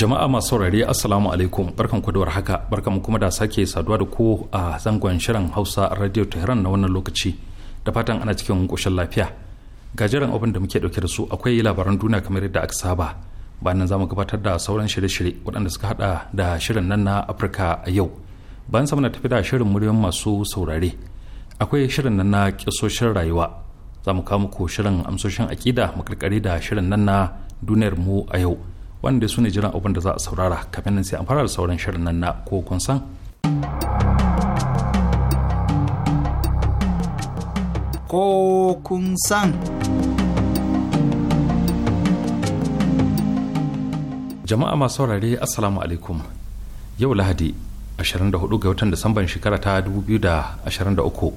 jama'a masu saurari assalamu alaikum barkan ku da haka barkan kuma da sake saduwa da ku a zangon shirin hausa radio tehran na wannan lokaci da fatan ana cikin koshin lafiya gajeren abin da muke dauke da su akwai labaran duniya kamar yadda aka saba bayan za mu gabatar da sauran shirye-shirye waɗanda suka hada da shirin nan na afirka a yau bayan sama na tafi da shirin muryoyin masu saurare akwai shirin nan na kisoshin rayuwa za mu kawo muku shirin amsoshin akida mu da shirin nan na duniyar mu a yau wanda su ne jiran abin da za a saurara kafin nan sai an fara da sauran shirin nan na ko kun san ko kun san jama'a masu saurare assalamu alaikum yau lahadi 24 ga watan disamban shekara ta 2023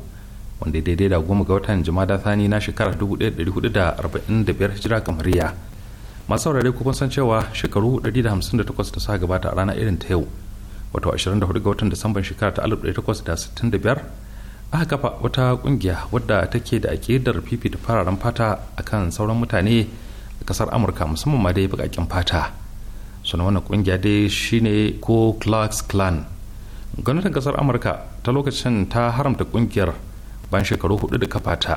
wanda daidai da goma ga watan da thani na shekarar 1445 hijira kamariya masu saurare ku kun san cewa shekaru 158 da sa gabata a rana irin ta yau wato 24 ga watan disamban shekara ta 1865 aka kafa wata kungiya wadda take da akidar fifita fararen fata a kan sauran mutane a kasar amurka musamman ma dai bakakin fata suna wannan kungiya dai shine ko clarks clan gwamnatin kasar amurka ta lokacin ta haramta kungiyar bayan shekaru hudu da kafa ta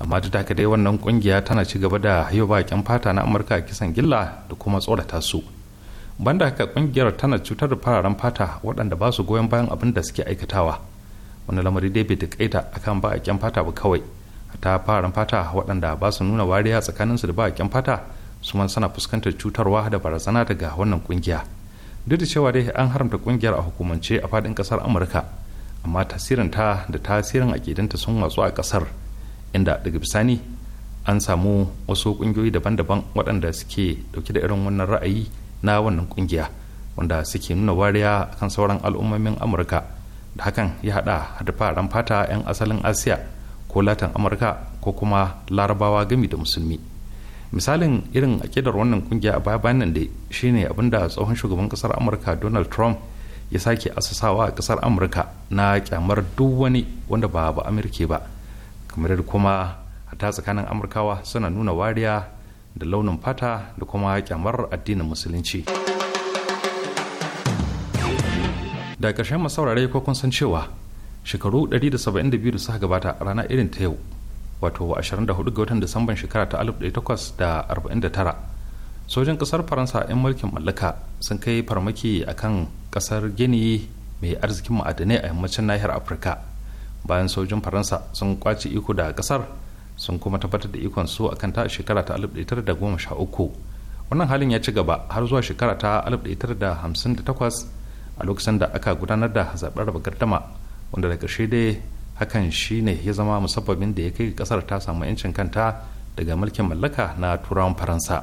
amma duk da dai wannan kungiya tana ci gaba da yau bakin fata na amurka a kisan gilla da kuma tsorata su banda haka kungiyar tana cutar da fararen fata waɗanda ba su goyon bayan abin da suke aikatawa wani lamari dai bai a akan bakin fata ba kawai ta fararen fata waɗanda ba su nuna wariya tsakanin su da bakin fata su man sana fuskantar cutarwa da barazana daga wannan kungiya duk da cewa dai an haramta kungiyar a hukumance a faɗin ƙasar amurka amma tasirinta da tasirin akidanta sun watsu a ƙasar inda daga bisani an samu wasu kungiyoyi daban-daban waɗanda suke dauke da irin wannan ra'ayi na wannan kungiya wanda suke nuna wariya kan sauran al'ummomin amurka da hakan ya haɗa da faran fata 'yan asalin asiya ko latin amurka ko kuma larabawa gami da musulmi misalin irin akidar wannan kungiya a baya nan da shine abinda tsohon shugaban kasar amurka donald trump ya sake asasawa a kasar amurka na kyamar duk wani wanda ba ba amurke ba kamar da kuma a ta tsakanin amurkawa suna nuna wariya da launin fata da kuma kyamar addinin musulunci da ƙarshen masaurare ko kun san cewa shekaru 172 da suka gabata rana irin ta yau wato 24 ga watan disamban shekara ta 1849 sojin kasar faransa 'yan mulkin mallaka sun kai farmaki akan ƙasar gini mai arzikin ma'adanai a yammacin nahiyar afirka bayan sojin faransa sun kwace iko da kasar sun kuma tabbatar da ikon su a kanta a shekara ta 1913 wannan halin ya ci gaba har zuwa shekara ta 1958 a lokacin da aka gudanar da zaɓen raba gardama wanda da ƙarshe dai hakan shi ne ya zama musabbabin da ya kai kasar ta samu 'yancin kanta daga mulkin mallaka na turawan faransa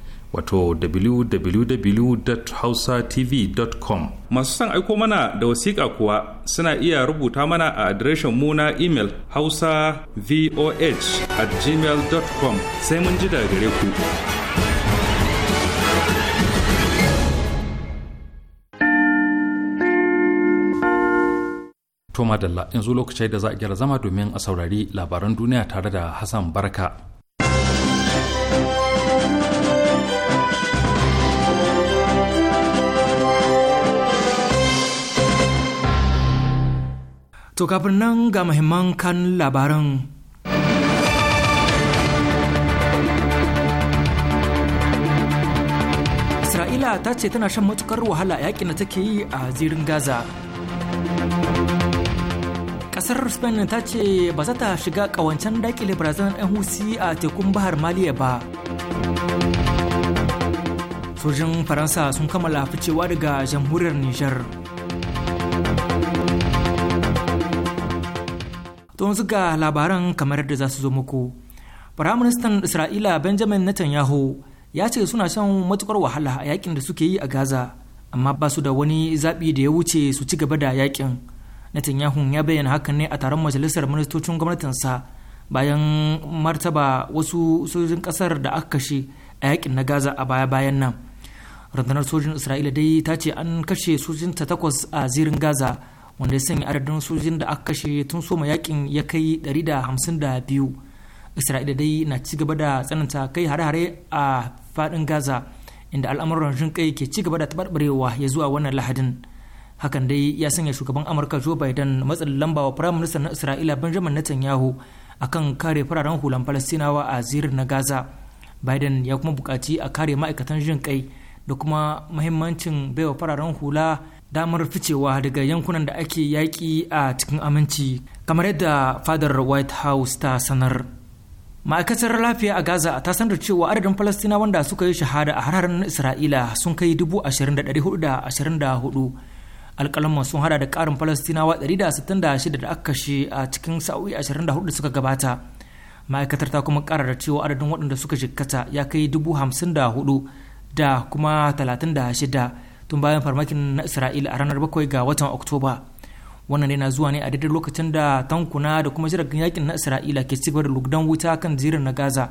wato www.hausatv.com masu son aiko mana da wasiƙa kuwa suna iya rubuta mana a adireshin mu na imel hausa voh at gmail.com sai mun ji daga gare ku Toma Dalla yanzu lokacin da za a gyara zama domin a saurari labaran duniya tare da Hassan Barka. To kafin nan ga mahimman kan labaran. Isra'ila ta ce tana shan matukar wahala yakin da take yi a zirin Gaza. Kasar Spain ta ce ba za ta shiga kawancen dakile barazanar 'yan husi a tekun bahar Maliya ba. Sojin Faransa sun kammala ficewa daga jamhuriyar Nijar. yanzu ga labaran kamar da za su zo muku firaministan isra'ila benjamin netanyahu ya ce suna shan matukar wahala a yakin da suke yi a gaza amma ba su da wani zaɓi da ya wuce su ci gaba da yakin netanyahu ya bayyana hakan ne a taron majalisar ministocin gwamnatinsa bayan martaba wasu sojojin ƙasar da aka kashe a yakin na gaza a baya-bayan nan rundunar sojin isra'ila dai ta ce an kashe sojin ta takwas a zirin gaza wanda ya sanya adadin sojojin da aka kashe tun soma yakin ya kai 152 isra'ila dai na ci gaba da tsananta kai hare-hare a fadin gaza inda al'amuran jin kai ke ci gaba da tabarbarewa ya zuwa wannan lahadin hakan dai ya sanya shugaban amurka joe biden matsalin lamba wa firayim ministan na isra'ila benjamin netanyahu akan kare fararen hulan falastinawa a zirin na gaza biden ya kuma bukaci a kare ma'aikatan jin kai da kuma mahimmancin baiwa fararen hula damar ficewa daga yankunan da ake yaƙi a cikin aminci kamar yadda fadar white house ta sanar ma'aikatar lafiya a gaza ta sanar cewa adadin falastina wanda suka yi shahada a harharin isra'ila sun kai 20,424 alƙalamman sun hada da ƙarin falastinawa 166 da aka kashe a cikin sa'o'i 24 da suka gabata ma'aikatar ta kuma ƙara da cewa adadin waɗanda suka jikkata ya kai 54 da kuma 36 tun bayan farmakin na isra'ila a ranar 7 ga watan oktoba wannan na zuwa ne a daidai lokacin da tankuna da kuma jiragen yakin na isra'ila ke cigaba da lugdan wuta kan jirin na gaza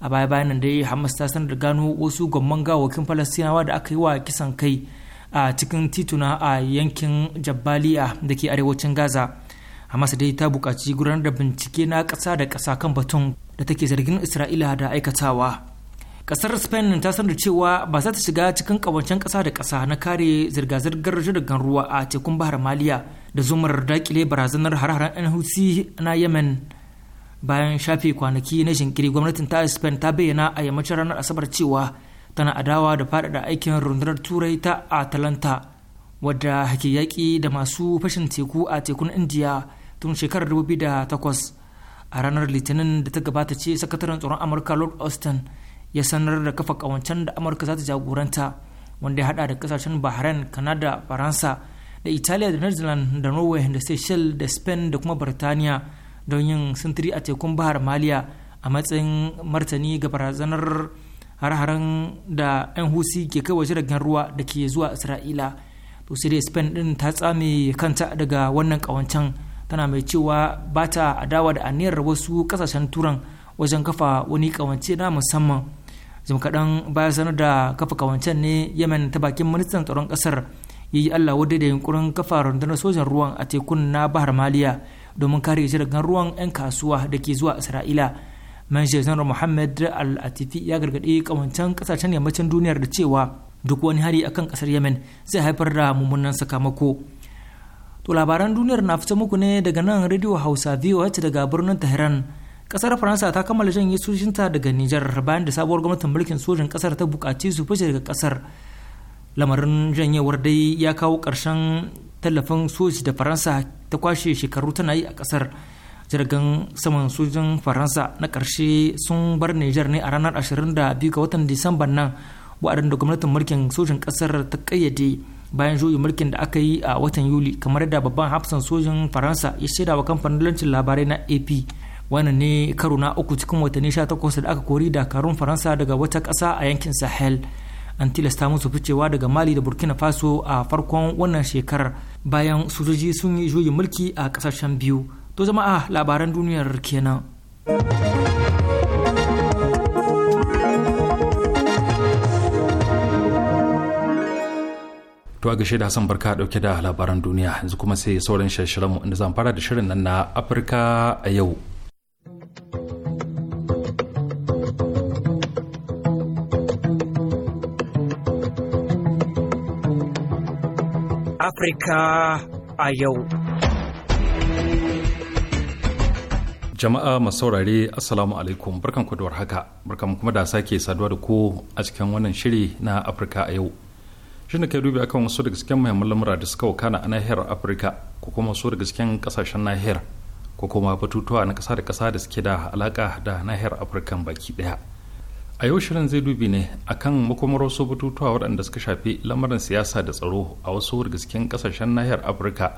a baya bayan nan dai hamas ta sanar da gano wasu gwamman gawakin falastinawa da aka yi wa kisan kai a cikin tituna a yankin jabbaliya da ke arewacin gaza hamas dai ta buƙaci gudanar da bincike na ƙasa da ƙasa kan batun da take zargin isra'ila da aikatawa kasar spain ta sanar cewa ba za ta shiga cikin kawancen kasa da kasa na kare zirga-zirgar jirgin ruwa a tekun bahar maliya da zumar dakile barazanar har-haren yan na yemen bayan shafe kwanaki na jinkiri gwamnatin ta spain ta bayyana a yammacin ranar asabar cewa tana adawa da faɗaɗa aikin rundunar turai ta atalanta wadda hake yaƙi da masu fashin teku a tekun indiya tun shekarar 2008 a ranar litinin da ta gabata ce sakataren tsaron amurka lord austin ya sanar da kafa kawancen da amurka za ta jagoranta wanda ya hada da kasashen bahrain canada faransa da italiya da netherlands da norway da seychelles da spain da kuma birtaniya don yin sintiri a tekun bahar maliya a matsayin martani ga barazanar har-haren da 'yan husi ke kai waje da ruwa da ke zuwa isra'ila to sai dai spain din ta tsame kanta daga wannan kawancan tana mai cewa bata ta adawa da aniyar wasu kasashen turan wajen kafa wani kawance na musamman jim kaɗan bayan sanar da kafa kawancen ne yemen ta bakin ministan tsaron ƙasar ya yi allah wadda da yunkurin kafa rundunar sojan ruwan a tekun na bahar maliya domin kare daga ruwan 'yan kasuwa da ke zuwa isra'ila manshi zanar muhammad al-atifi ya gargaɗi kawancen ƙasashen yammacin duniyar da cewa duk wani hari akan kasar yemen zai haifar da mummunan sakamako to labaran duniyar na fita muku ne daga nan rediyo hausa voh daga birnin tehran kasar faransa ta kammala janye sojinta daga nijar bayan da sabuwar gwamnatin mulkin sojin kasar ta bukaci su fice daga kasar lamarin janyewar dai ya kawo karshen tallafin soji da faransa ta kwashe shekaru tana yi a kasar jirgin saman sojin faransa na karshe sun bar nijar ne a ranar 22 ga watan disamban nan wa'adin da gwamnatin mulkin sojin kasar ta kayyade bayan juyin mulkin da aka yi a watan yuli kamar da babban hafsan sojin faransa ya shaida wa kamfanin labarai na ap wannan ne karo na uku cikin watanni sha 18 da aka kori dakarun faransa daga wata ƙasa a yankin sahel an tilasta musu ficewa daga mali da burkina faso a farkon wannan shekarar bayan sojoji sun yi juyin mulki a ƙasashen biyu to jama'a labaran duniyar kenan To a gashe da Hassan Barka dauke da labaran duniya yanzu kuma sai sauran shirin mu inda zan fara da shirin nan na Afirka a yau. Afirka a yau. Jama'a masaurare Assalamu alaikum barkan ku da haka barkan kuma da sake saduwa da ku a cikin wannan shiri na Afirka a yau. Shin da kai dubi akan wasu daga cikin muhimman lamura da suka wakana a nahiyar Afirka ko kuma wasu daga cikin kasashen nahiyar ko kuma batutuwa na kasa da kasa da suke da alaka da nahiyar Afirka baki daya. a yau shirin zai dubi ne akan makomar wasu batutuwa waɗanda suka shafi lamarin siyasa da tsaro a wasu gasken ƙasashen nahiyar afirka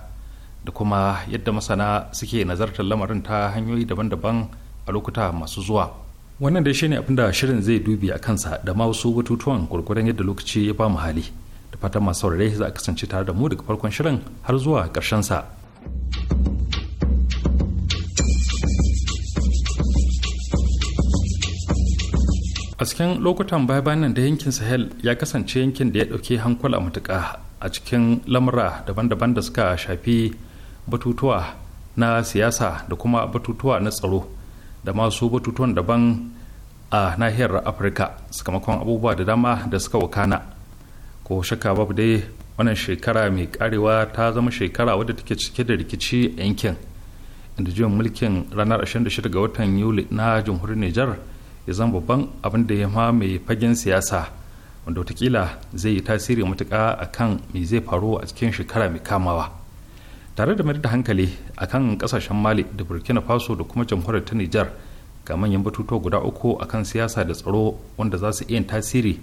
da kuma yadda masana suke nazartar lamarin ta hanyoyi daban-daban a lokuta masu zuwa wannan dai shine abinda shirin zai dubi a kansa da ma wasu batutuwan gurguran yadda lokaci ya ba mu hali da fatan masu saurare za a kasance tare da mu daga farkon shirin har zuwa ƙarshen sa a cikin lokutan baya nan da yankin sahel ya kasance yankin da ya dauke hankula matuka a cikin lamura daban-daban da suka shafi batutuwa na siyasa da kuma batutuwa na tsaro da masu batutuwan daban a nahiyar afirka sakamakon abubuwa da dama da suka wakana ko shaka babu dai wannan shekara mai karewa ta zama shekara wadda take cike da rikici a yankin inda juyin mulkin ranar 26 ga watan yuli na jamhuriyar nijar ya zama babban abin da ya ma mai fagen siyasa wanda watakila zai yi tasiri matuƙa a kan me zai faru a cikin shekara mai kamawa tare da mayar da hankali a kan ƙasashen mali da burkina faso da kuma jamhuriyar ta nijar ga manyan batutuwa guda uku a kan siyasa da tsaro wanda za su iya tasiri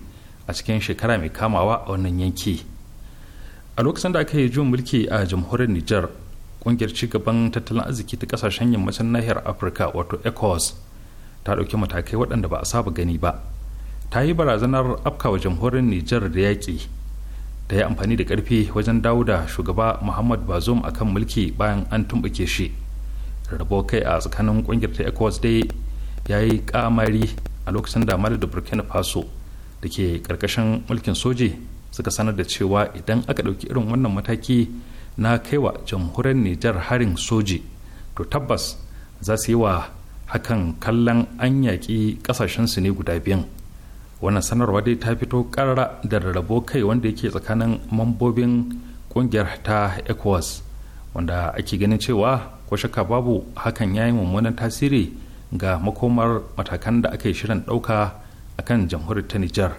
a cikin shekara mai kamawa a wannan yanki a lokacin da aka yi juyin mulki a jamhuriyar nijar ƙungiyar cigaban tattalin arziki ta kasashen yammacin nahiyar afirka wato ecowas ta ɗauki matakai waɗanda ba a saba gani ba ta yi barazanar afkawa jamhurin nijar da yaƙi ta yi amfani da ƙarfi wajen dawo da shugaba muhammad bazoum a kan mulki bayan an tumɓuke shi rabo kai a tsakanin ƙungiyar ta ecowas dai ya yi ƙamari a lokacin da mali da burkina faso da ke ƙarƙashin mulkin soji suka sanar da cewa idan aka ɗauki irin wannan mataki na kaiwa jamhuriyar nijar harin soji to tabbas za su yi wa hakan kallon an yaƙi ƙasashensu ne guda biyan wannan sanarwa dai ta fito ƙarara da rarrabo kai wanda yake tsakanin mambobin ƙungiyar ta ecowas wanda ake ganin cewa ko shakka babu hakan ya yi mummunan tasiri ga makomar matakan da aka yi shirin ɗauka a kan jamhuriyar ta nijar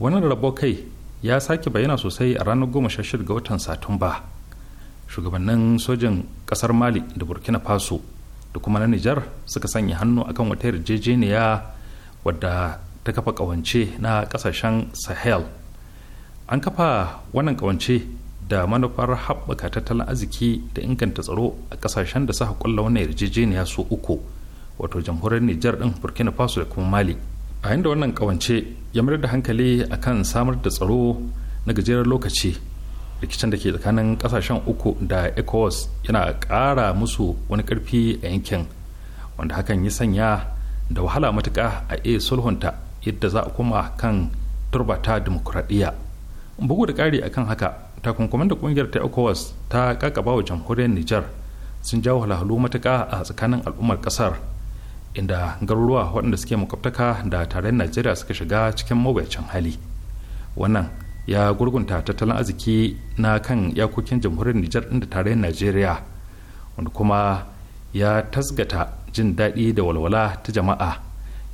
wannan rarrabo kai ya sake bayyana sosai a ranar goma sha ga watan satumba shugabannin sojin ƙasar mali da burkina faso da kuma na nijar suka sanya hannu akan wata yarjejeniya wadda ta kafa kawance na kasashen sahel an kafa wannan kawance da manufar haɓaka tattalin arziki da inganta tsaro a kasashen da suka kulla wannan yarjejeniya su uku wato jamhuriyar nijar din burkina faso da kuma mali a inda wannan kawance ya mayar da hankali akan samar da tsaro na gajeren lokaci rikicin da ke tsakanin kasashen uku da ecowas yana ƙara musu wani karfi a yankin wanda hakan ya sanya da wahala matuka a iya sulhunta yadda za a koma kan turbata dimokuraɗiyya bugu da ƙari akan haka takunkumin da ƙungiyar ta ecowas ta kakaba wa jamhuriyar niger sun jawo halhalu matuka a tsakanin al'ummar ƙasar inda garuruwa waɗanda suke makwabtaka da tarayyar najeriya suka shiga cikin mawuyacin hali wannan ya gurgunta tattalin arziki na kan yakokin jamhuriyar nijar ɗin da tarayyar najeriya wanda kuma ya tasgata jin daɗi da walwala ta jama'a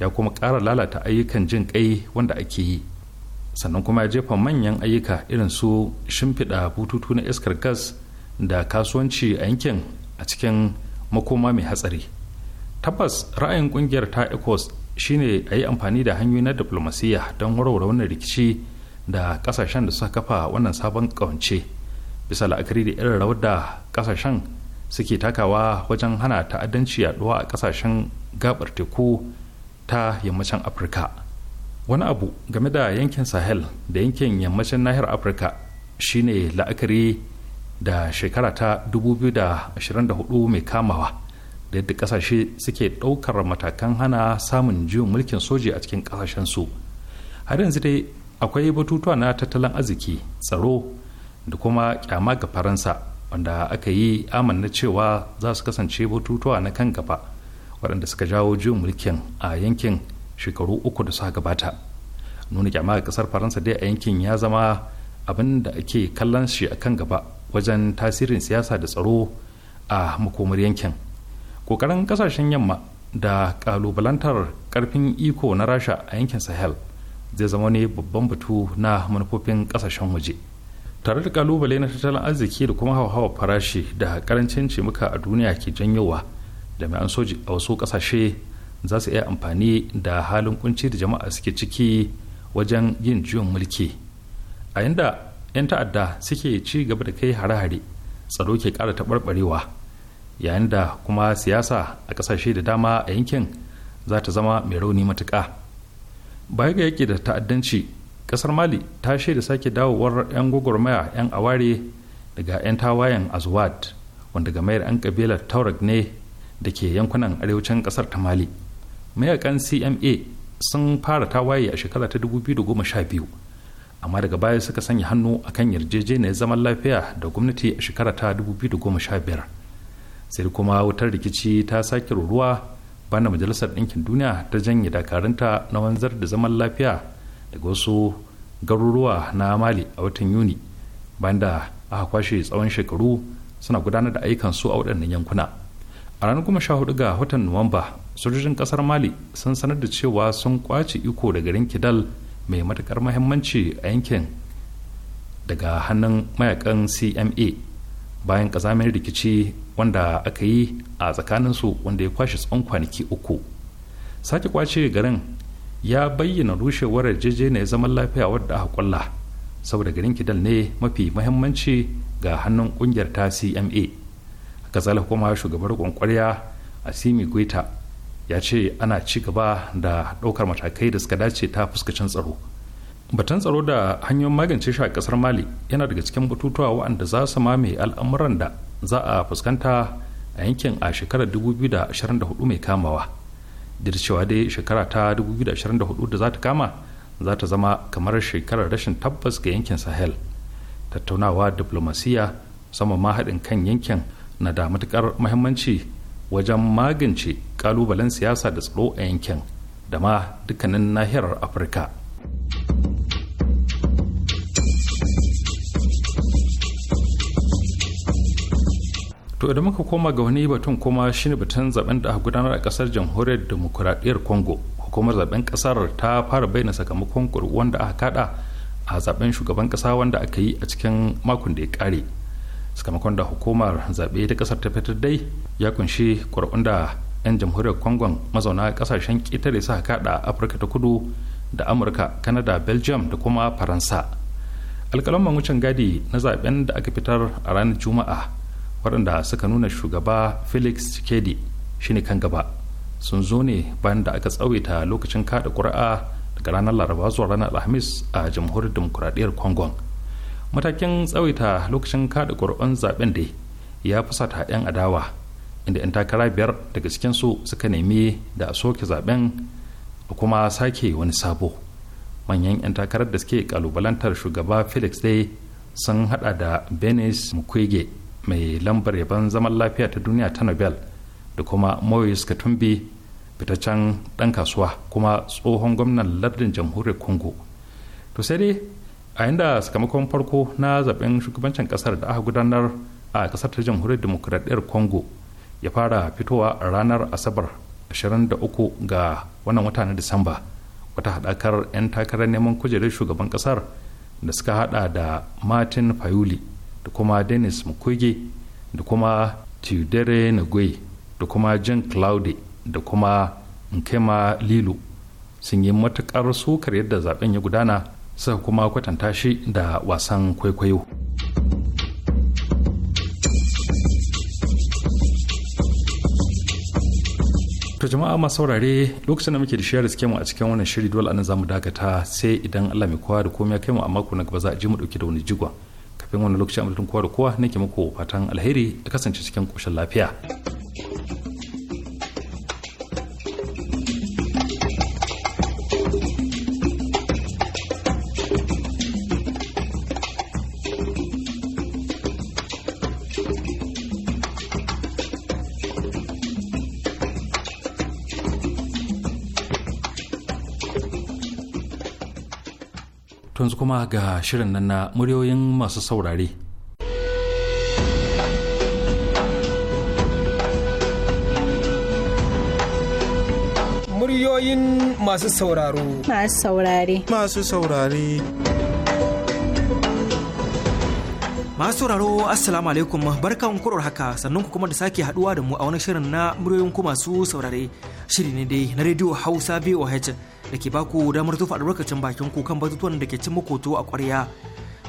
ya kuma ƙara lalata ayyukan jin ƙai wanda ake yi sannan kuma ya jefa manyan ayyuka irin su shimfiɗa bututu na iskar gas da kasuwanci a yankin a cikin makoma mai hatsari tabbas ra'ayin ƙungiyar ta ecos shine a yi amfani da hanyoyi na diplomasiyya don warware wannan rikici da kasashen da suka kafa wannan sabon kawance bisa la'akari da irin rawar da kasashen suke takawa wajen hana ta'addanci yaduwa a kasashen gabar teku ta yammacin afirka wani abu game da yankin sahel da yankin yammacin nahiyar afirka shine la'akari da shekara ta 2024 mai kamawa da yadda kasashe suke ɗaukar matakan hana samun juyin mulkin soji a cikin su har yanzu dai akwai batutuwa na tattalin arziki tsaro da kuma kyama ga faransa wanda aka yi amanna cewa za su kasance batutuwa na kan gaba waɗanda suka jawo juyin mulkin a yankin shekaru uku da suka gabata nuna kyama ga ƙasar faransa dai a yankin ya zama abin da ake kallon shi a kan gaba wajen tasirin siyasa da tsaro a makomar yankin ƙoƙarin ƙasashen yamma da ƙalubalantar ƙarfin iko na rasha a yankin sahel zai zama ne babban batu na manufofin kasashen waje tare da kalubale na tattalin arziki da kuma hauhawar farashi da karancin cimuka a duniya ke janyowa da mai soji a wasu kasashe za su iya amfani da halin kunci da jama'a suke ciki wajen yin juyin mulki a inda 'yan ta'adda suke ci gaba da kai hare-hare tsaro ke ƙara taɓarɓarewa yayin da kuma siyasa a ƙasashe da dama a yankin za ta zama mai rauni matuƙa. baya ga yake da ta'addanci ƙasar mali ta shaida sake dawowar 'yan gwagwarmaya 'yan aware daga 'yan tawayen azuwad wanda gamayar 'yan kabilar taurag ne da ke yankunan arewacin ƙasar ta mali mayakan cma sun fara tawaye a shekara ta 2012 amma daga baya suka sanya hannu a kan yarjejeniyar zaman lafiya da gwamnati a shekara ta 2015 sai kuma wutar rikici ta sake ruruwa bana majalisar ɗinkin duniya ta janye dakarunta na wanzar da zaman lafiya daga wasu garuruwa na mali a watan yuni bayan da aka kwashe tsawon shekaru suna gudanar da ayyukan su a waɗannan yankuna a ranar goma sha hudu ga watan nuwamba sojojin ƙasar mali sun sanar da cewa sun kwace iko da garin kidal mai matuƙar mahimmanci a yankin daga hannun mayakan cma bayan ƙazamin rikici wanda aka yi a tsakaninsu wanda ya kwashe tsawon kwanaki uku sake kwace garin ya bayyana rushewar yarjejeniyar zaman lafiya wadda aka kulla saboda garin kidal ne mafi mahimmanci ga hannun kungiyar ta cma kazala kuma shugabar kwankwariya a simi guita ya ce ana ci gaba da ɗaukar matakai da suka dace ta fuskacin tsaro batun tsaro da hanyoyin magance shi a kasar mali yana daga cikin batutuwa waɗanda za su mame al'amuran da za a fuskanta a yankin a shekarar 2024 mai kamawa duk cewa dai shekara ta 2024 da za ta kama za ta zama kamar shekarar rashin tabbas ga yankin sahel tattaunawa diplomasiya sama ma haɗin kan yankin na da matuƙar muhimmanci wajen magance ƙalubalen siyasa da tsaro a yankin da ma dukkanin nahiyar afirka to idan muka koma ga wani batun kuma shine batun zaben da aka gudanar a kasar jamhuriyar demokuraɗiyyar congo hukumar zaben kasar ta fara bayyana sakamakon kuruwan da aka kada a zaben shugaban kasa wanda aka yi a cikin makon da ya kare sakamakon da hukumar zaɓe ta kasar ta fitar dai ya kunshi ƙuri'un da 'yan jamhuriyar congo mazauna kasashen ƙetare suka kada afirka ta kudu da amurka kanada belgium da kuma faransa alƙalan wucin gadi na zaben da aka fitar a ranar juma'a waɗanda suka nuna shugaba felix shi shine kan gaba sun zo ne bayan da aka tsawaita lokacin kaɗa ƙuri'a daga ranar laraba zuwa ranar alhamis a jamhuriyar demokuraɗiyyar congon matakin tsawaita lokacin kaɗa ƙuri'un zaɓen da ya fusata 'yan adawa inda 'yan takara biyar daga su suka nemi da a soke zaben da kuma sake wani sabo manyan 'yan takarar da suke kalubalantar shugaba felix dai sun hada da benis mukwege mai lambar yaban zaman lafiya ta duniya ta nobel da kuma moyes katumbi fitaccen dan kasuwa kuma tsohon gwamnan lardin jamhuriyar congo to sai dai a inda sakamakon farko na zaben shugabancin kasar da aka gudanar a kasar ta jamhuriyar demokuraɗiyar congo ya fara fitowa a ranar asabar 23 ga wannan wata na disamba wata haɗakar 'yan takarar neman kujerar shugaban kasar da suka hada da martin fayuli da kuma dennis mukwege da kuma tudere nagwe da kuma jean claude da kuma nkema lilo sun yi matukar sukar yadda zaben ya gudana suka kuma kwatanta shi da wasan kwaikwayo to jama'a masu saurare lokacin da muke da shiyar da mu a cikin wannan shiri dole anan zamu dakata sai idan Allah mai kowa da komai kai mu a mako na gaba za a je mu dauki da wani jigon kafin wani lokaci a mutum kowa da kowa nake muku fatan alheri da kasance cikin koshin lafiya. yanzu kuma ga shirin nan na muryoyin masu saurare muryoyin masu sauraro masu saurare masu saurare Masu sauraro Assalamu alaikum barkan kurar haka sannan ku kuma da sake haduwa da mu a wani shirin na muryoyin ku masu saurare shiri ne dai na rediyo Hausa VOH da ke baku damar tufa albarkacin bakin ku kan batutuwan da ke cin makoto a ƙwarya.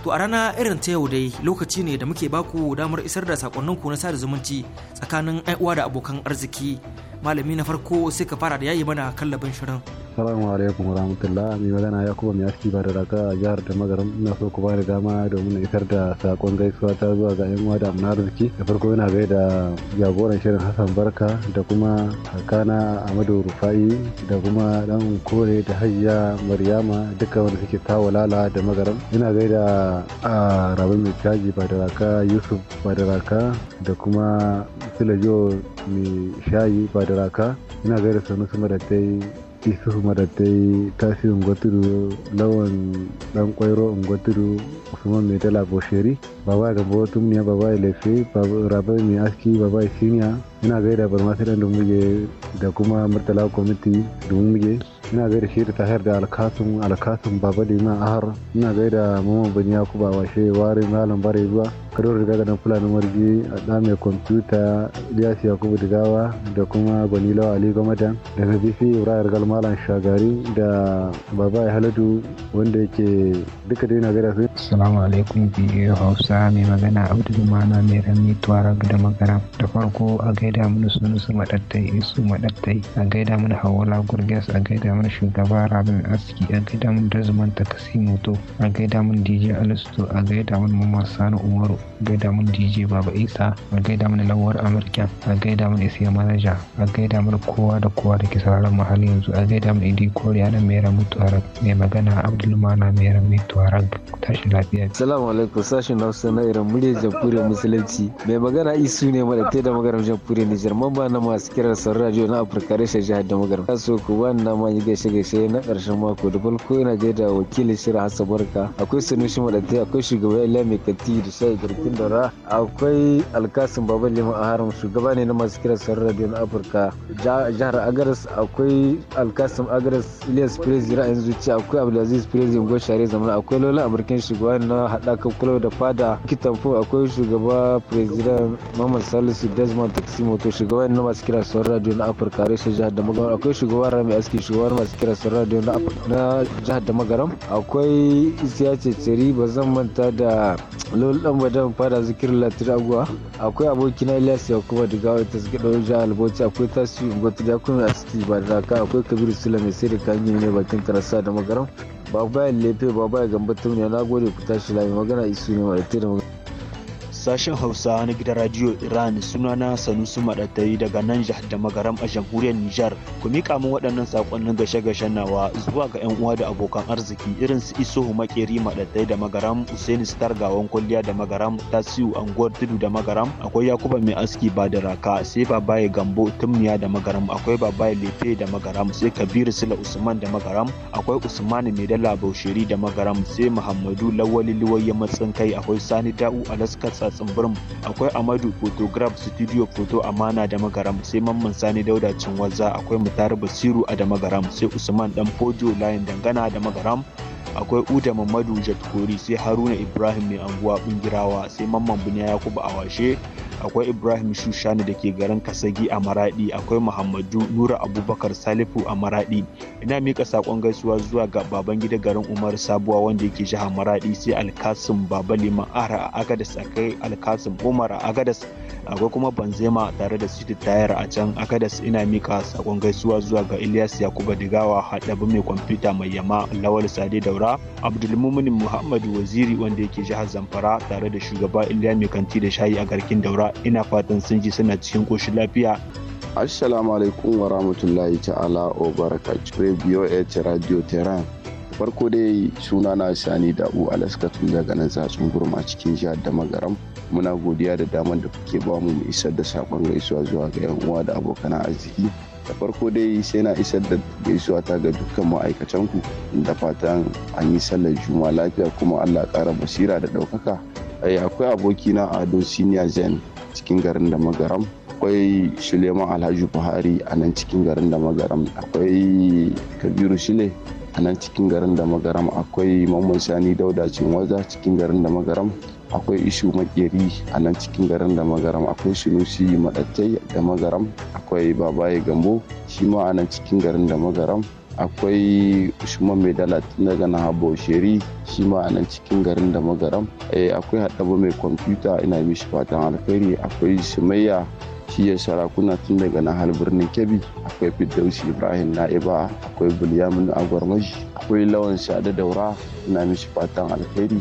To a rana irin ta yau dai lokaci ne da muke baku damar isar da sakonnin ku na sada zumunci tsakanin uwa da abokan arziki. Malami na farko sai ka fara da yayi mana kallabin shirin. Assalamu alaikum warahmatullah mai magana Yakubu mai aski ba da raka a jihar da magaram ina so ku bani dama domin na isar da sakon gaisuwa ta zuwa ga yan uwa da amna arziki da farko yana gaida jagoran shirin Hassan Barka da kuma Hakana Amadu Rufai da kuma dan kore da Hajiya Maryama duka wanda suke tawo lala da magaram ina gaida a rabin mai caji ba da raka Yusuf ba da raka da kuma Silajo mai shayi ba da raka ina gaida sanusu Madatai isufu madatai tafi ungwaturu lawan dan kwairo ungwaturu usman mai tala bosheri baba gabo tumniya baba lefe rabai mai aski baba siniya ina gaida barmasidan da muke da kuma murtala kwamiti da muke ina gaida shi da tahir da alkatun alkatun baba liman ahar ina gaida mamman bin yakuba washe ware malam bare zuwa kadar riga da fulani marji a da mai kwamfuta ilyas yakubu digawa da kuma banila ali gwamnatan da bifi ibrahim galmalan shagari da baba ya haladu wanda yake duka dai na gaida su assalamu alaikum bi hausa mai magana abdulmana mai rami tuwara da magana da farko a gaida mana sunusu madattai isu madattai a gaida mana hawala gurgas a gaida mana shugaba rabin aski a gaida mun da zuman takasi moto a gaida mun dj alisto a gaida mun mamman sani umaru a gaida mun dj baba isa a gaida mun lawar amurka a gaida mun isiya manaja a gaida mun kowa da kowa da ke sauraron mahalli yanzu a gaida mun idi koriya na mera mutuwarar mai magana abdulmana mera mutuwarar tashi lafiya. salamu alaikum sashen hausa na irin murya jamhuriyar musulunci mai magana isu ne madatai da magana jamhuriyar nijar mamba na masu kiran sauran radio na afirka da jihar da magana. ku wannan ma gaishe-gaishe na ƙarshen mako da farko yana da wakilin shirin Hassan Barka akwai Sanusi Madatai akwai shugaban Ilya Mai Katti da Shai Garkin Dora akwai Alkasim Baba Lima Aharam shugaba ne na masu kiran sauran radio na Afirka jihar Agaras akwai Alkasim Agaras Ilyas Prezi ra'ayin zuciya akwai Abdulaziz Prezi Ngo Share Zamana akwai Lola Amurkin shugaba na haɗakan kulau da fada Kitamfo akwai shugaba President Mamman Salisu Desmond Taksimo to shugaba ne na masu kiran sauran radio na Afirka reshen jihar da akwai shugaba Rami Aski shugaba masu kira sun radio na jihar da magaram akwai isiya ceceri ba zan manta da lol dan badan fada zikir latir aguwa akwai abokina ilyas kuma daga wata suke ɗau jihar alboci akwai tasu ingoti da kuma aski ba da ka akwai kabiru sula mai sai da kanyi ne bakin karasa da magaram ba bayan lefe ba bayan gambatar ne na gode ku tashi lami magana isu ne ma da magana Sashen Hausa na gida Radio Iran suna na Sanusi maɗatai daga nan da magaram a jamhuriyar Nijar. Ku mika min waɗannan saƙonnin gashe-gashen nawa zuwa ga 'yan uwa da abokan arziki irin su Isuhu Makeri maɗatai da magaram Hussein Star Gawan Kwalliya da magaram Tasiu Anguwar Tudu da magaram akwai Yakuba Mai Aski ba da raka sai Babaye Gambo Tumniya da magaram akwai Babaye Lefe da magaram sai Kabiru Sila Usman da magaram akwai Usmani mai dala Baushiri da magaram sai Muhammadu Lawali Luwaye Matsin Kai akwai Sani Da'u Alaska tsumburin akwai amadu photograph studio photo amana da magaram sai mamman sani dauda cinwaza akwai mutari basiru a da magaram sai usman dan fojo layin dangana da magaram akwai uda mamadu jatkori sai haruna ibrahim mai anguwa bingirawa sai mamman bunya yakubu awashe akwai ibrahim shushani da ke garin kasagi a maradi akwai muhammadu nura abubakar salifu a maradi ina mika sakon gaisuwa zuwa ga baban gida garin umar sabuwa wanda yake jihar maradi sai alkasim baba liman ara a agadas akai alkasim umar a agadas akwai kuma banzema tare da city tayar a can agadas ina mika sakon gaisuwa zuwa ga ilyas yakuba digawa haɗabi mai kwamfuta mai yama lawal sade daura abdulmumin muhammadu waziri wanda yake jihar zamfara tare da shugaba iliya mai kanti da shayi a garkin daura ina fatan sun ji suna cikin koshin lafiya. Assalamu alaikum wa rahmatullahi ta'ala wa barakatuh. Radio H Radio Tehran. Farko dai suna na Sani alaska tun daga nan zatsun gurma cikin jihar da magaram. Muna godiya da damar da kuke ba mu isar da saƙon gaisuwa zuwa ga 'yan uwa da abokan arziki. da farko dai sai na isar da gaisuwa ta ga dukkan ma'aikatanku da fatan an yi sallar juma lafiya kuma allah ƙara basira da ɗaukaka eh, akwai abokina ado senior zen cikin garin da magaram akwai Suleiman Alhaji Buhari a nan cikin garin da magaram akwai Kabiru shine a nan cikin garin da magaram akwai Mamman Sani Dauda waza cikin garin da magaram akwai ishu makeri a nan cikin garin da magaram akwai shinushi madattai da magaram akwai babaye gambo shi ma a nan cikin garin da magaram akwai usman mai dala tun daga na habo sheri shi ma a nan cikin garin da magaram eh, akwai haɗaba mai kwamfuta ina mishi fatan alkhairi akwai sumayya shi ya sarakuna tun daga na nahal birnin kebbi akwai fiddaushi ibrahim na'iba akwai bulyamin agwarmashi akwai lawan sada daura ina mishi fatan alkhairi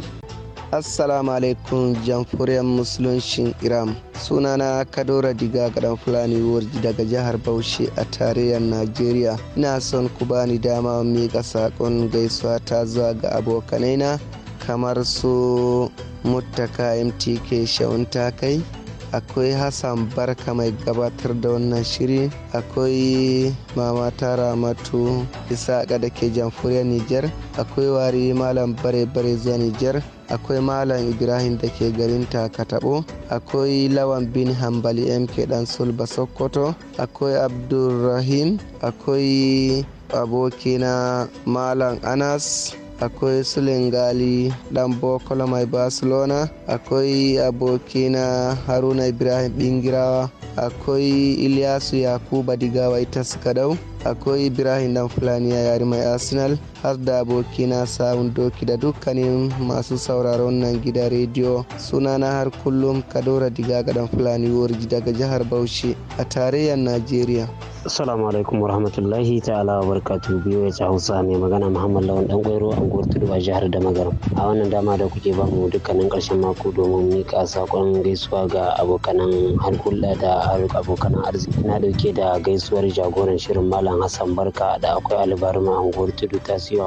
assalamu alaikum jamhuriyar musuluncin iran sunana kadora diga gadon fulani warji daga jihar bauchi a tarayyar najeriya ina son ku bani dama miƙa saƙon gaisuwa ta zuwa ga abokanaina kamar su muttaka mtk shawun takai akwai hassan barka mai gabatar da wannan shiri akwai mama tara matu isaka da ke jamhuriyar niger akwai wari malam bare bare zuwa niger akwai malam ibrahim da ke garin takataɓo akwai lawan bin hambali mk dan sulba sokoto akwai abdulrahim akwai abokina malam anas akwai sulengali dan bokola mai barcelona akwai abokina haruna ibrahim bingirawa akwai iliyasu yakuba digawa ita suka dau akwai ibrahim dan fulani ya yari mai arsenal har da abokina samun doki da dukkanin masu sauraron nan gida rediyo suna na har kullum kadora diga dan fulani warji daga jihar bauchi a tarayyar najeriya Assalamu alaikum warahmatullahi ta'ala wa barkatu biyu ya ci hausa mai magana Muhammad Lawan dan Gwairo a Gwar Tudu a jihar magana A wannan dama da kuke ba mu dukkanin ƙarshen mako domin mika sakon gaisuwa ga abokanan harkulda da abokanan arziki. Na dauke da gaisuwar jagoran shirin mala malam hassan barka da akwai albarma anguwar tudu tasiyo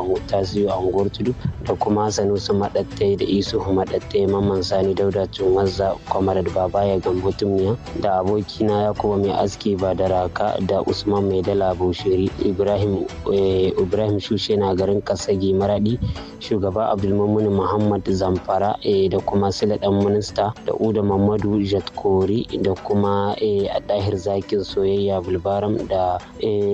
anguwar tudu da kuma sanusu maɗattai da isuhu maɗattai mamman sani dauda wazza kwamarad baba ya gambo tumiya da abokina yakuba mai aski ba da raka da usman mai dala bushiri ibrahim eh, ibrahim shushe na garin kasagi maradi shugaba abdulmamun muhammad zamfara eh, da kuma sila dan minista da uda mamadu jatkori da kuma a eh, dahir zakin soyayya bulbaram da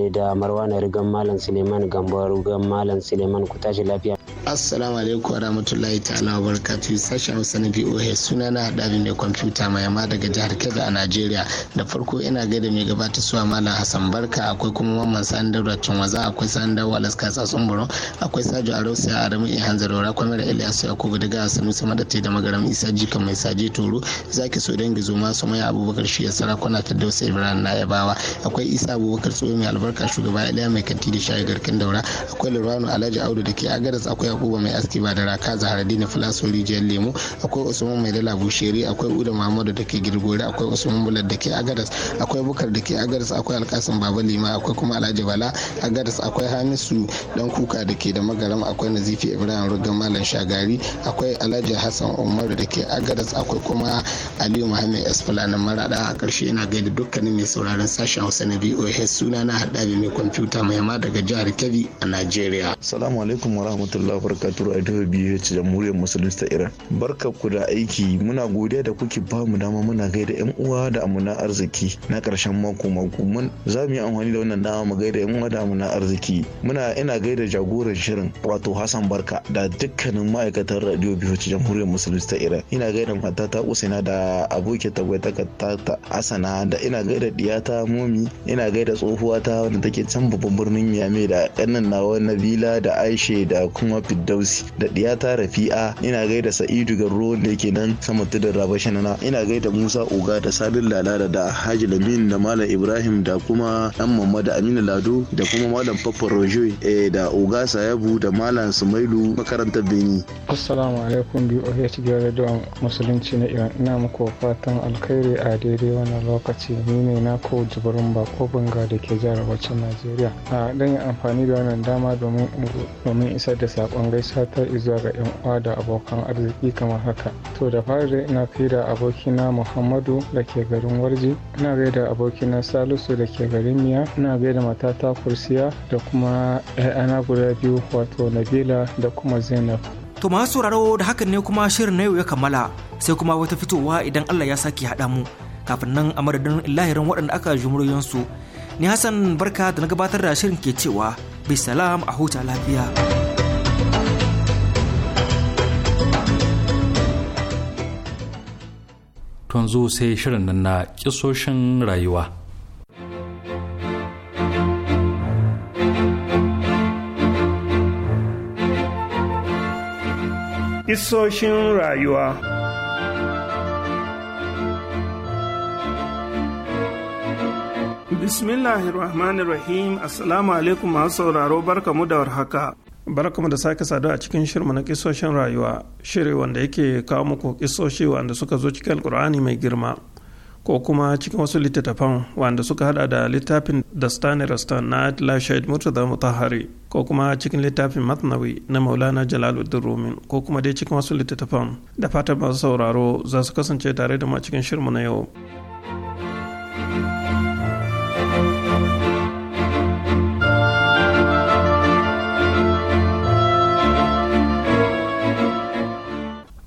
da marwa Marwana Rigan Malam Suleiman Gambo Rigan Malam Suleiman ku tashi lafiya. assalamu alaikum rahmatullahi ta'ala wa barakatuhu sashen hausa na boh suna na haɗari ne kwamfuta mai yamma daga jihar kebbi a nigeria da farko ina gaida mai gabata suwa malam hassan barka akwai kuma mamman sani daura waza akwai sani wa alaska tsatsun buru akwai sajo arosa a adamu hanzar zarora kwamar ilyas yakubu daga sanusi sama da magaram isa jika mai saje toro zaki so dangi zo su maya abubakar shi ya sarakuna ta dausa ibrahim na yabawa akwai isa abubakar tsohon mai albarka shugaba iliya mai kanti da shayi garkin daura akwai lurano alhaji audu da ke agaras akwai yakuba mai aski ba da raka zaharaddini filaso rijiyar lemo akwai usman mai dala busheri akwai uda muhammadu da ke girgore akwai usman bulat da ke agadas akwai bukar da ke agadas akwai alkasin baba lima akwai kuma alhaji bala agadas akwai hamisu dan kuka da ke da magaram akwai nazifi ibrahim rugan malam shagari akwai alhaji hassan umar da ke agadas akwai kuma aliyu muhammad esfalanin marada a karshe ina gaida dukkanin mai sauraron sashen hausa na voh suna na haɗabi mai kwamfuta mai ma daga jihar kebbi a nigeria salamu alaikum warahmatullahi afirka turu a dubu biyu ce jamhuriyar musulunci ta iran barka ku da aiki muna godiya da kuke ba mu dama muna gaida yan uwa da amuna arziki na karshen mako mako mun za mu yi amfani da wannan dama mu gaida yan uwa da amuna arziki muna ina gaida jagoran shirin wato hassan barka da dukkanin ma'aikatan radio biyu ce jamhuriyar musulunci ta iran ina gaida matata usaina da abokin tabbatakata ta asana da ina gaida diyata momi ina gaida tsohuwata wanda take can babban birnin miami da kannan nawa nabila da aisha da kuma firdausi da diyata rafi'a ina gaida sa'idu garro da yake nan sama tudun rabashanana ina gaida musa oga da sadin lalada da haji lamin da malam ibrahim da kuma dan mamma da aminu lado da kuma malam papa rojo eh, da oga sayabu da malam sumailu makarantar beni assalamu alaikum biyu ohiyar radio musulunci na iran ina muku fatan alkhairi a daidai wannan lokaci ni ne na ko jibirin bako banga da ke jihar wacce najeriya a ah, dan yi amfani da wannan dama domin isar da sakon an gaisuwa ta izuwa ga 'yan uwa da abokan arziki kamar haka. To da fari dai ina da abokina Muhammadu da ke garin Warji, ina gaida abokina Salisu da ke garin Miya, ina gaida matata Kursiya da kuma 'ya'yana guda biyu wato Nabila da kuma Zainab. To masu sauraro da hakan ne kuma shirin na yau ya kammala sai kuma wata fitowa idan Allah ya sake haɗa mu kafin nan a madadin lahirin waɗanda aka jumuriyansu. Ni Hassan barka da na gabatar da shirin ke cewa bisalam a huta lafiya. to zo sai shirin nan na kisoshin rayuwa Isoshin rayuwa Bismillahirrahmanirrahim Assalamu alaikum masu sauraro barkamu da warhaka kuma da sake sadu a cikin shirmu na kisoshin rayuwa shiri wanda yake kawo muku kisoshi wanda suka zo cikin alkur'ani mai girma ko kuma cikin wasu littattafan wanda suka hada da littafin da dastani rastan na lashid shahid murtaza mutahari ko kuma cikin littafin matnawi na maulana jalaluddin rumin ko kuma dai cikin wasu littattafan da fatan masu sauraro za su kasance tare da mu cikin shirmu na yau.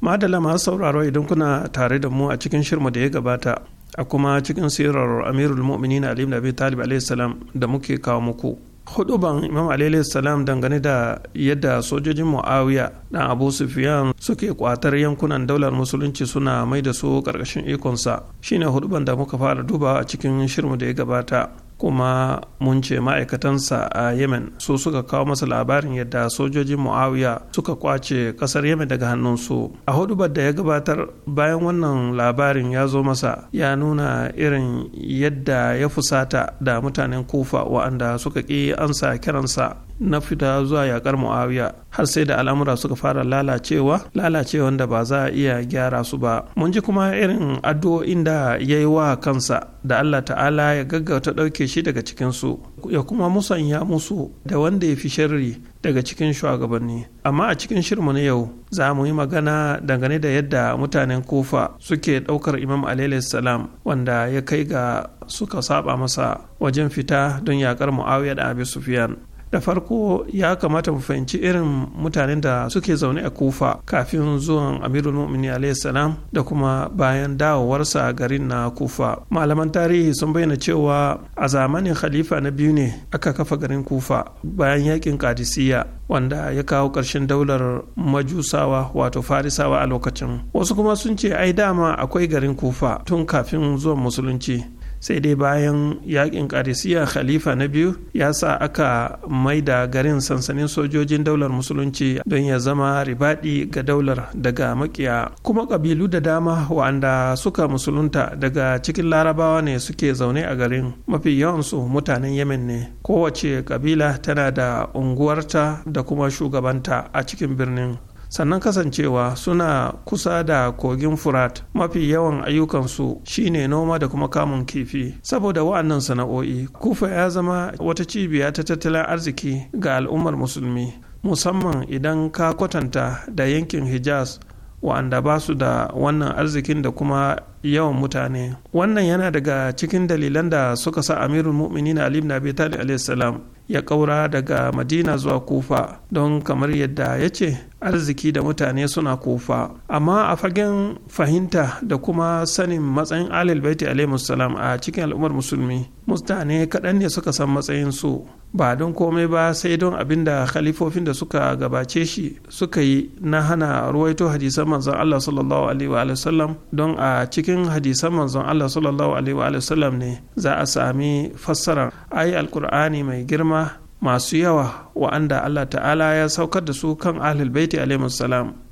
madala masu sauraro idan kuna tare da mu a cikin shirma da ya gabata a kuma cikin sirar amirul mu'minin ali nabi talib salam da muke kawo muku huɗuban imam ali salam dangane da yadda sojojin muawiya dan abu sufyan suke kwatar yankunan daular musulunci suna mai da su karkashin ikonsa shine huɗuban da muka fara dubawa a cikin shirma da ya gabata kuma mun ce ma'aikatansa a yemen su suka kawo masa labarin yadda sojojin muawiya suka kwace kasar yemen daga hannunsu a hudubar da ya gabatar bayan wannan labarin ya zo masa ya nuna irin yadda ya fusata da mutanen kufa wa'anda suka ƙi ansa kiransa na fita zuwa yakar muawiya har sai da al'amura suka fara lalacewa lalacewa da ba za a iya gyara su ba mun ji kuma irin addu'o'in da ya yi wa kansa da allah ta'ala ya gaggauta ɗauke shi daga cikin su ya kuma musanya musu da wanda ya fi sharri daga cikin shugabanni amma a cikin shirmu na yau za mu yi magana dangane da yadda mutanen kofa suke ɗaukar imam alaihi salam wanda ya kai ga suka saba masa wajen fita don yakar muawiya da abi sufyan da farko ya kamata mu fahimci irin mutanen da suke zaune a kufa kafin zuwan amirul mu'mini salam da kuma bayan dawowarsa garin na kufa malaman tarihi sun bayyana cewa a zamanin khalifa na biyu ne aka kafa garin kufa bayan yakin kadisiya wanda ya kawo ƙarshen daular majusawa wato farisawa a lokacin wasu kuma sun ce ai dama akwai garin kufa tun kafin zuwan musulunci sai dai bayan yakin karisiya khalifa na biyu ya sa aka maida garin sansanin sojojin daular musulunci don ya zama ribadi ga daular daga makiya kuma kabilu da dama wa'anda suka musulunta daga cikin larabawa ne suke zaune a garin mafi yawansu mutanen yemen ne kowace kabila tana da unguwarta da kuma shugabanta a cikin birnin sannan kasancewa suna kusa da kogin furat mafi yawan ayyukansu shine noma da kuma kamun kifi saboda wa'annan sana'o'i kufa ya zama wata cibiya ta tattalin arziki ga al'ummar musulmi musamman idan ka kwatanta da yankin hijaz wa'anda ba su da wannan arzikin da kuma yawan mutane wannan yana daga cikin dalilan da suka sa amirul mu'minin ali ibn abi talib ya ƙaura daga madina zuwa kufa don kamar yadda ya ce arziki da mutane suna kufa amma a fagen fahimta da kuma sanin matsayin alil baiti a cikin al'ummar musulmi mutane kaɗan ne suka san matsayin su ba don komai ba sai don abin da khalifofin da suka gabace shi suka yi na hana ruwaito hadisan manzon Allah sallallahu alaihi wa sallam don a cikin hadisan manzon Allah sallallahu alaihi wa sallam ne za a sami fassarar ayi alkur'ani mai girma masu yawa wa'anda Allah ta'ala ya saukar da su kan ahlul baiti alaihi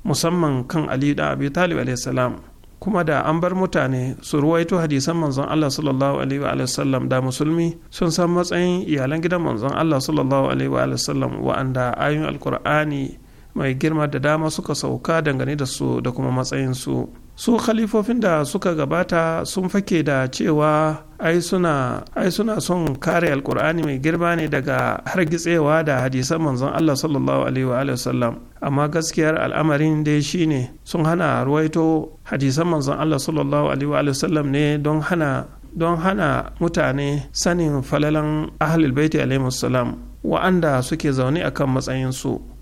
musamman kan Ali da Abi Talib alaihi kuma da an bar mutane su ruwaito hadisan manzon Allah sallallahu alaihi wa sallam da musulmi sun san matsayin iyalan gidan manzon Allah sallallahu alaihi wa sallam wa'anda ayoyin alkur'ani mai girma da dama suka sauka dangane da su da kuma matsayin su su khalifofin da suka gabata sun fake da cewa ai suna son kare alkur'ani mai girma ne daga hargitsewa da hadisan manzon Allah sallallahu alaihi wa sallam amma gaskiyar al'amarin dai shine sun hana ruwaito hadisan manzon Allah sallallahu alaihi wa sallam ne don hana don hana mutane sanin falalan ahlul baiti alaihi wa'anda suke zaune akan matsayinsu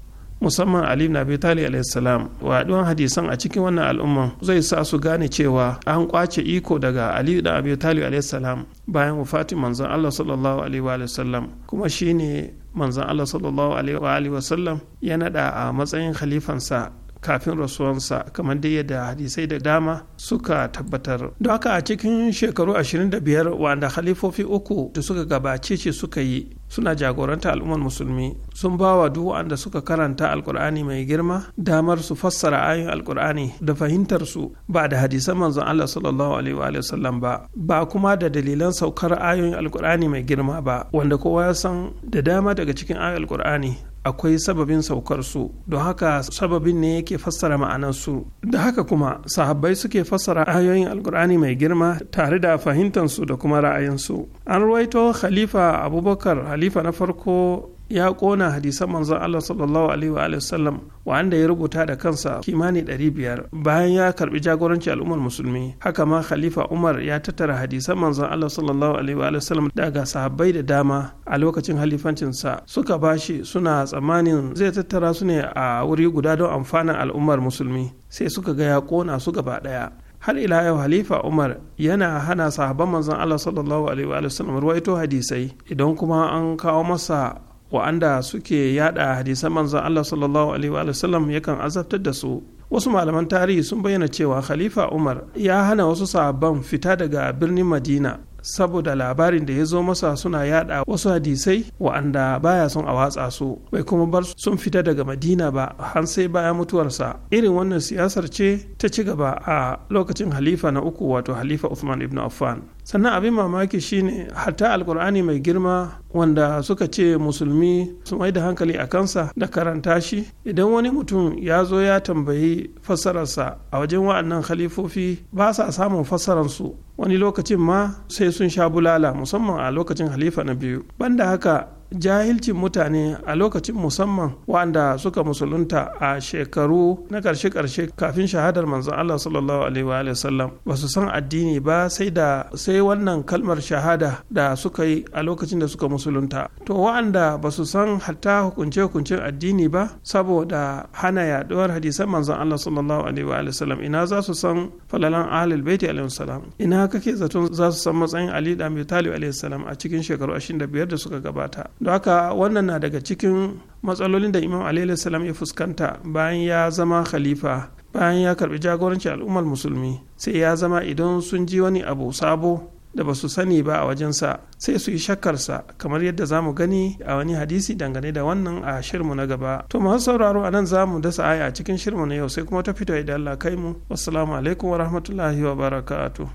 musamman ali na bitali alaihissalam waɗuwan hadisan a cikin wannan al'umman zai sa su gane cewa an kwace iko daga ali da abi talib alaihissalam bayan wafatin manzon allah sallallahu alaihi wa sallam kuma shine manzon allah sallallahu alaihi wa sallam ya naɗa a matsayin khalifansa kafin rasuwansa kamar dai yadda hadisai da dama suka tabbatar don haka a cikin shekaru 25 wanda halifofi uku da suka gabace ce suka yi suna jagoranta al'ummar musulmi sun ba wa duk wanda suka karanta alkur'ani mai girma damar su fassara ayoyin alkur'ani da fahimtar su ba da hadisan manzon Allah sallallahu alaihi wa sallam ba ba kuma da dalilan saukar ayoyin alkur'ani mai girma ba wanda kowa ya san da dama daga cikin ayoyin alkur'ani akwai sababin saukar su don haka sababin ne yake fassara ma'anar su da haka kuma sahabbai suke fassara ayoyin alkur'ani mai girma tare da fahimtansu da kuma ra'ayinsu an ruwaito khalifa abubakar khalifa na farko ya kona hadisan manzon Allah sallallahu alaihi wa sallam wanda ya rubuta da kansa kimani 500 bayan ya karbi jagoranci al'ummar musulmi haka ma khalifa Umar ya tattara hadisan manzon Allah sallallahu alaihi wa sallam daga sahabbai da dama a lokacin halifancinsa suka bashi suna tsammanin zai tattara su ne a wuri guda don amfanin al'ummar musulmi sai suka ga ya kona su gaba daya har ila yau halifa umar yana hana sahabban manzon allah sallallahu alaihi wa sallam ruwaito hadisai idan kuma an kawo masa wa'anda suke yada hadisan manzon Allah sallallahu alaihi wa sallam yakan azabtar da su wasu malaman tarihi sun bayyana cewa khalifa umar ya hana wasu sahabban fita daga birnin madina saboda labarin da ya zo masa suna yada wasu hadisai wa'anda baya son a watsa su bai kuma bar sun fita daga madina ba har sai bayan mutuwarsa irin wannan siyasar ce ta ci gaba a lokacin halifa na uku wato halifa usman ibn Affan sannan abin mamaki shine hatta alkur'ani mai girma wanda suka ce musulmi su mai da hankali a kansa da karanta shi idan wani mutum ya zo ya tambayi fassararsa a wajen wa'annan halifofi ba sa samun fassararsu wani lokacin ma sai sun sha bulala musamman a lokacin halifa na biyu banda haka jahilcin mutane a lokacin musamman wanda suka musulunta a shekaru na karshe-karshe kafin shahadar manzon Allah sallallahu alaihi wa sallam ba su san addini ba sai da sai wannan kalmar shahada da suka yi a lokacin da suka musulunta to wa'anda ba su san hatta hukunce-hukuncen addini ba saboda hana yaduwar hadisan manzon Allah sallallahu alaihi wa sallam ina za su san falalan ahlul baiti alaihi salam ina kake zaton za su san matsayin Ali da Abi Talib alaihi salam a cikin shekaru 25 da suka gabata da haka wannan na daga cikin matsalolin da imam alayhi salam ya fuskanta bayan ya zama khalifa bayan ya karbi jagorancin al'ummar musulmi sai ya zama idan sun ji wani abu sabo da ba su sani ba a wajensa sai su yi shakkarsa kamar yadda za mu gani a wani hadisi dangane da wannan a shirmu na gaba to masu sauraro a nan za mu dasa aya a cikin shirmu na yau sai kuma ta fito idan Allah kai mu assalamu alaikum wa rahmatullahi wa barakatuh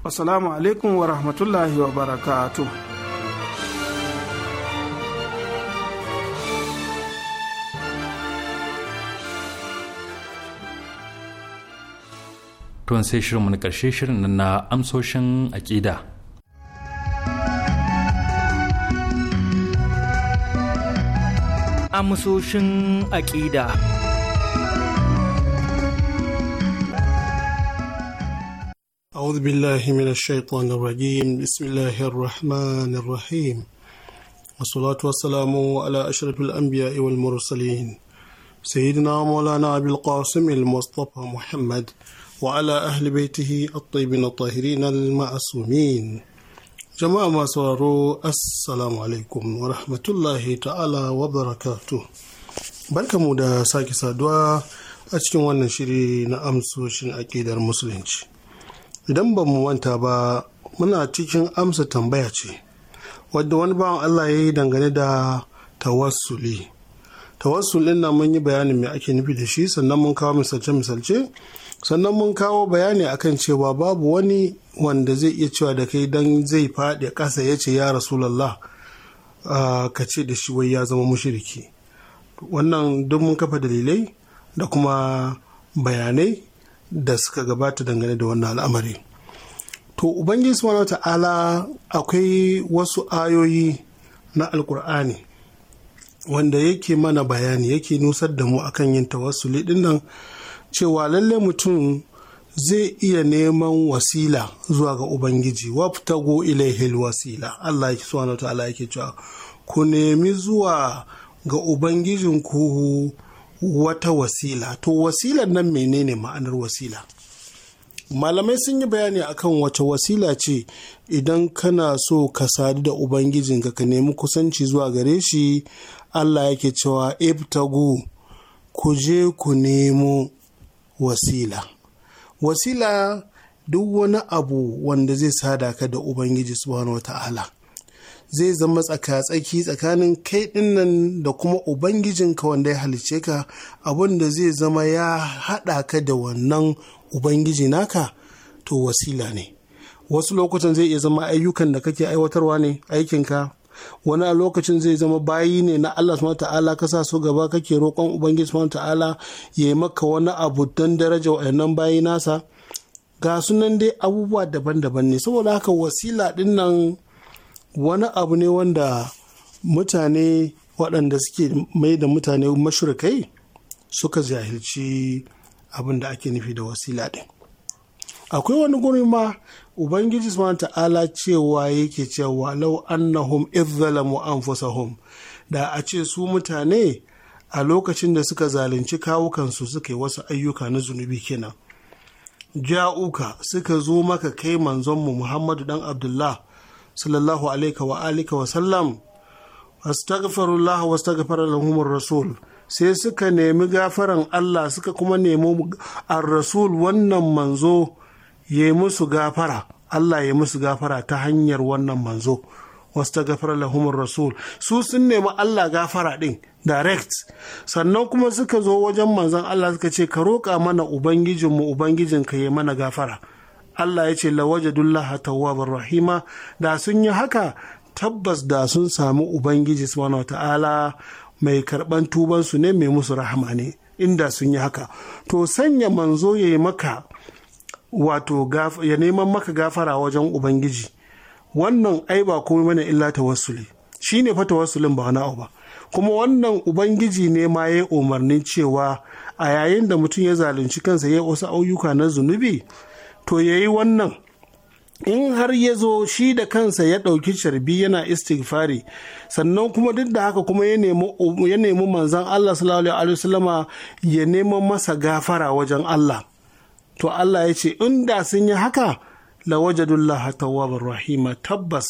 alaikum wa rahmatullahi tuwon sai shirinmu na ƙarshe shirin na amsoshin aƙida. Amsoshin aƙida. أعوذ بالله من الشيطان الرجيم بسم الله الرحمن الرحيم والصلاة والسلام على أشرف الأنبياء والمرسلين سيدنا مولانا أبي القاسم المصطفى محمد وعلى أهل بيته الطيبين الطاهرين المعصومين jama'a masu sauraro assalamu alaikum wa rahmatullahi ta'ala wa barakatu mu da sake saduwa a cikin wannan shiri na amsoshin aƙidar musulunci idan ba mu manta ba muna cikin amsa tambaya ce wadda wani bawan allah ya yi dangane da tawassuli tawassulin na mun yi bayanin me ake nufi da shi sannan mun kawo misalce-misalce sannan mun kawo bayani akan cewa babu wani wanda zai iya cewa da kai dan zai faɗi ƙasa ya ce ya rasulallah ka ce da shi wai ya zama mushiriki wannan duk mun kafa dalilai da kuma bayanai da suka gabata dangane da wannan al'amari to ubangiji subhanahu ta'ala akwai wasu ayoyi na alkur'ani wanda yake mana bayani yake nusar da mu akan yin tawassuli dinnan cewa lalle mutum zai iya neman wasila zuwa ga ubangiji ile ilaihil wasila Allah yake suwa ta'ala yake cewa ku nemi zuwa ga Ubangijin ku wata wasila to wasilar nan menene ma'anar wasila malamai sun yi bayani akan wace wasila ce idan kana so ka sadu da ubangijinka ka nemi kusanci zuwa gare shi allah yake cewa ibtagu ku je ku nemo wasila wasila duk wani abu wanda zai sada ka da ubangiji subhanahu wa ta'ala zai zama tsaka-tsaki tsakanin kai dinnan da kuma ubangijinka wanda ya halice ka abin da zai zama ya haɗa ka da wannan ubangiji naka to wasila ne wasu lokutan zai iya zama ayyukan da kake aiwatarwa ne aikinka wani a lokacin zai zama bayi ne na Allah subhanahu ta'ala ka sa su gaba kake roƙon ubangiji subhanahu ta'ala ya yi maka wani abu don daraja wayannan bayi nasa ga sunan dai abubuwa daban-daban ne saboda haka wasila din nan wani abu ne wanda mutane waɗanda suke mai da mutane mashirkai suka zahilci abin da ake nufi da wasila din akwai wani guri ma ubangiji subhanahu ta'ala cewa yake cewa law annahum izzalamu anfusahum da a ce su mutane a lokacin da suka zalunci kawukansu suka yi wasu ayyuka na zunubi kenan ja'uka suka zo maka kai manzonmu muhammadu dan abdullah sallallahu alaihi wa alika wa sallam astaghfirullah wa lahum rasul sai suka nemi gafaran Allah suka kuma nemi ar-rasul wannan manzo ya yi musu gafara Allah ya musu gafara ta hanyar wannan manzo wasu ta gafara lahumar rasul su sun nemi Allah gafara ɗin direct sannan kuma suka zo wajen manzon Allah suka ce ka roƙa mana ubangijinmu ka ya mana gafara Allah ya ce lawajadullaha tawwabar rahima da sun yi haka tabbas da sun samu ubangiji subhanahu ta'ala mai karɓan tubansu ne mai musu rahama ne inda sun yi haka to sanya manzo ya yi maka wato ya neman maka gafara wajen ubangiji wannan ai ba komai mana illa tawassuli shine fa tawassulin ba wani ba kuma wannan ubangiji ne ma ya umarnin cewa a yayin da mutum ya zalunci kansa ya wasu ayyuka na zunubi to ya yi wannan in har ya zo shi da kansa ya ɗauki carbi yana istighfari sannan kuma duk da haka kuma ya nemi manzan Allah sallallahu alaihi wasallama ya neman masa gafara wajen Allah to Allah ya ce in da sun yi haka lawajadullah tawwabar rahima tabbas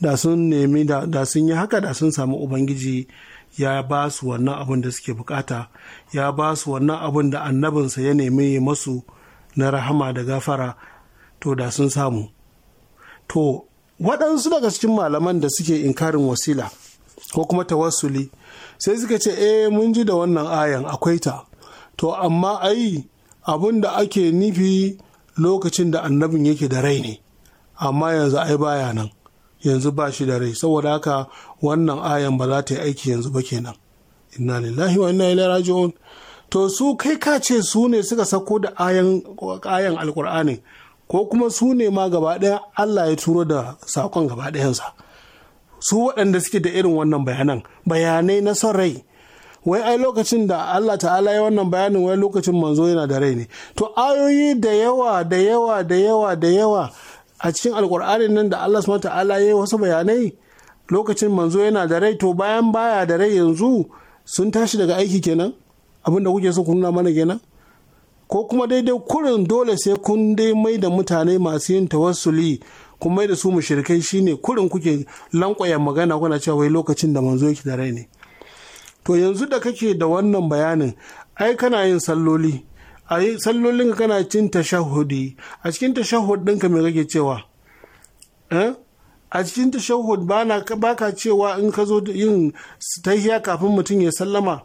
da sun nemi da sun yi haka da sun samu ubangiji ya ba su wannan abin da suke bukata ya ba su wannan abin da annabinsa ya nemi masu na rahama da gafara to da sun samu to waɗansu daga cikin malaman da suke inkarin wasila ko kuma tawassuli sai suka ce eh mun ji da wannan ayan akwai ta to amma ai abin da ake nufi lokacin da annabin yake da rai ne amma yanzu ai baya nan yanzu ba shi da rai saboda haka wannan ayan ba za ta yi aiki yanzu ba kenan inna lillahi wa inna ilaihi raji'un to su kai ka ce su ne suka sako da ayan ayan alkur'ani ko kuma su ne ma gaba ɗaya Allah ya turo da sakon gaba ɗayansa su waɗanda suke da irin wannan bayanan bayanai na son rai wai ai lokacin da Allah ta'ala ya wannan bayanin wai lokacin manzo yana da rai ne to ayoyi da yawa da yawa da yawa da yawa a cikin alkur'anin nan da Allah subhanahu ta'ala ya yi wasu bayanai lokacin manzo yana da rai to bayan baya da rai yanzu sun tashi daga aiki kenan abin da kuke so ku nuna mana kenan ko kuma daidai kurin dole sai kun dai mai da mutane masu yin tawassuli kun mai da su mushrikai shine kurin kuke lankwaya magana kuna cewa wai lokacin da manzo yake da rai ne to yanzu da kake da wannan bayanin ai kana yin salloli a yi sallolin kana cin tashahudi a cikin tashahud ɗinka mai kake cewa eh? a cikin tashahud ba ka cewa in ka zo yin tahiya kafin mutum ya sallama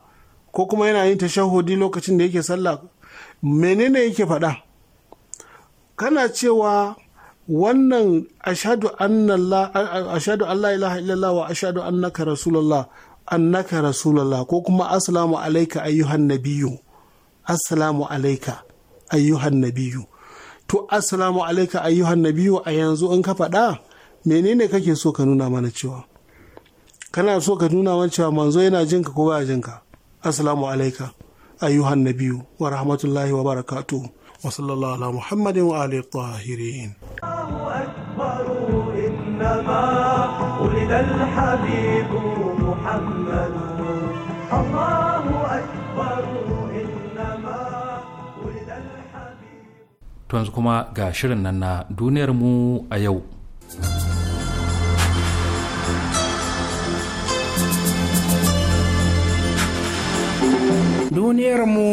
ko kuma yana yin tashahudi lokacin da yake sallah menene yake faɗa kana cewa wannan ashadu Allah ilaha illallah wa ashadu annaka rasulullah annaka rasulallah ko kuma assalamu alaika ayyuhan nabiyu assalamu alaika ayyuhan nabiyu to assalamu alaika ayyuhan nabiyu a yanzu in ka faɗa menene kake so ka nuna mana cewa kana so ka nuna mana cewa manzo yana jinka ko jin jinka assalamu alaika ayyuhan nabiyu wa rahmatullahi wa barakatuh wa sallallahu ala muhammadin wa alihi tahirin الحبيب yanzu kuma ga shirin nan na duniyar mu a yau. Duniyar mu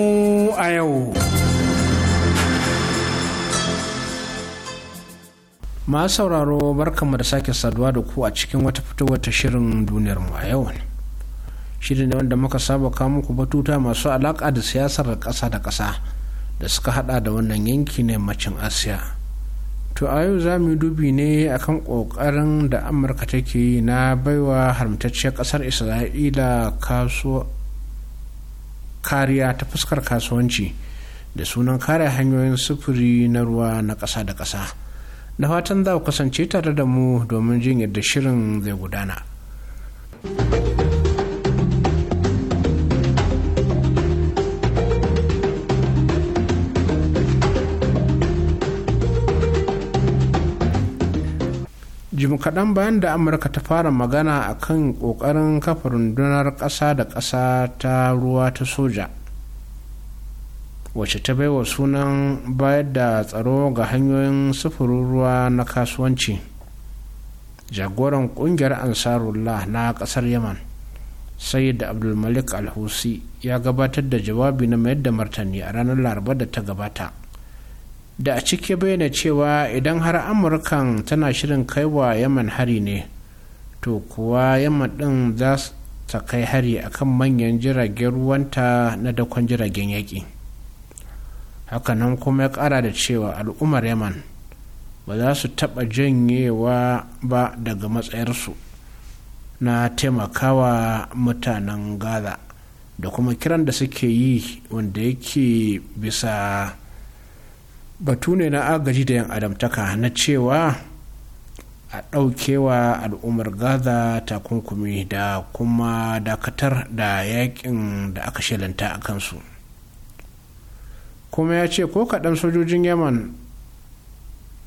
a yau. ma sauraro barkanmu da sake saduwa da ku a cikin wata fitowar ta shirin duniyar mu a yau ne. shirin ne wanda muka saba kawo muku batuta masu alaka da siyasar kasa da kasa da suka hada da wannan yanki ne macin asiya to a yau za mu dubi ne akan kokarin da amurka take yi na baiwa haramtacciyar kasar isra'ila kaso kariya ta fuskar kasuwanci da sunan kare hanyoyin sufuri na ruwa na kasa da kasa na fatan za ku kasance tare da mu domin jin yadda shirin zai gudana. jim kaɗan bayan da amurka ta fara magana a kan ƙoƙarin kafa rundunar ƙasa da ƙasa ta ruwa ta soja wacce ta baiwa sunan bayar da tsaro ga hanyoyin sufurin ruwa na kasuwanci jagoran ƙungiyar ansarullah na ƙasar yaman sai da abdulmalik alhusi ya gabatar da jawabi na mayar da martani a ranar laraba da ta gabata da a ciki bayyana cewa idan har amurkan tana shirin kai wa yaman hari ne to kuwa yaman ɗin za ta kai hari akan manyan jiragen ruwanta na dakon jiragen yaƙi hakanan kuma ya ƙara da cewa al'ummar yaman ba za su taɓa janyewa ba daga matsayarsu na taimakawa mutanen gaza da kuma kiran da suke yi wanda yake bisa batu ne na agaji da yan adamtaka na cewa a ɗaukewa al'ummar gaza takunkumi da kuma dakatar da yakin da aka shelanta a kansu kuma ya ce ko kaɗan sojojin yaman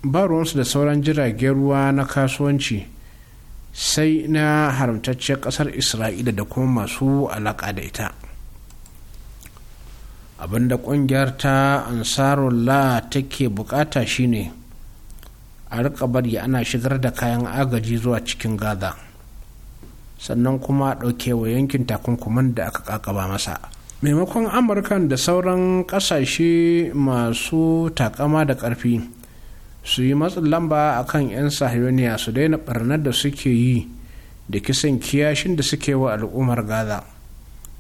ba ruwansu da sauran jiragen ruwa na kasuwanci sai na haramtacciyar ƙasar isra'ila da kuma masu alaƙa da ita abinda kungiyar ta ansarola take bukata shine a rika bari ana shigar da kayan agaji zuwa cikin gaza sannan kuma dauke wa yankin takunkuman da aka kakaba masa maimakon amurkan da sauran kasashe masu takama da karfi su yi matsin lamba a kan 'yan sahiyoniya su daina barnar da suke yi da kisan kiyashin da suke wa al'ummar gaza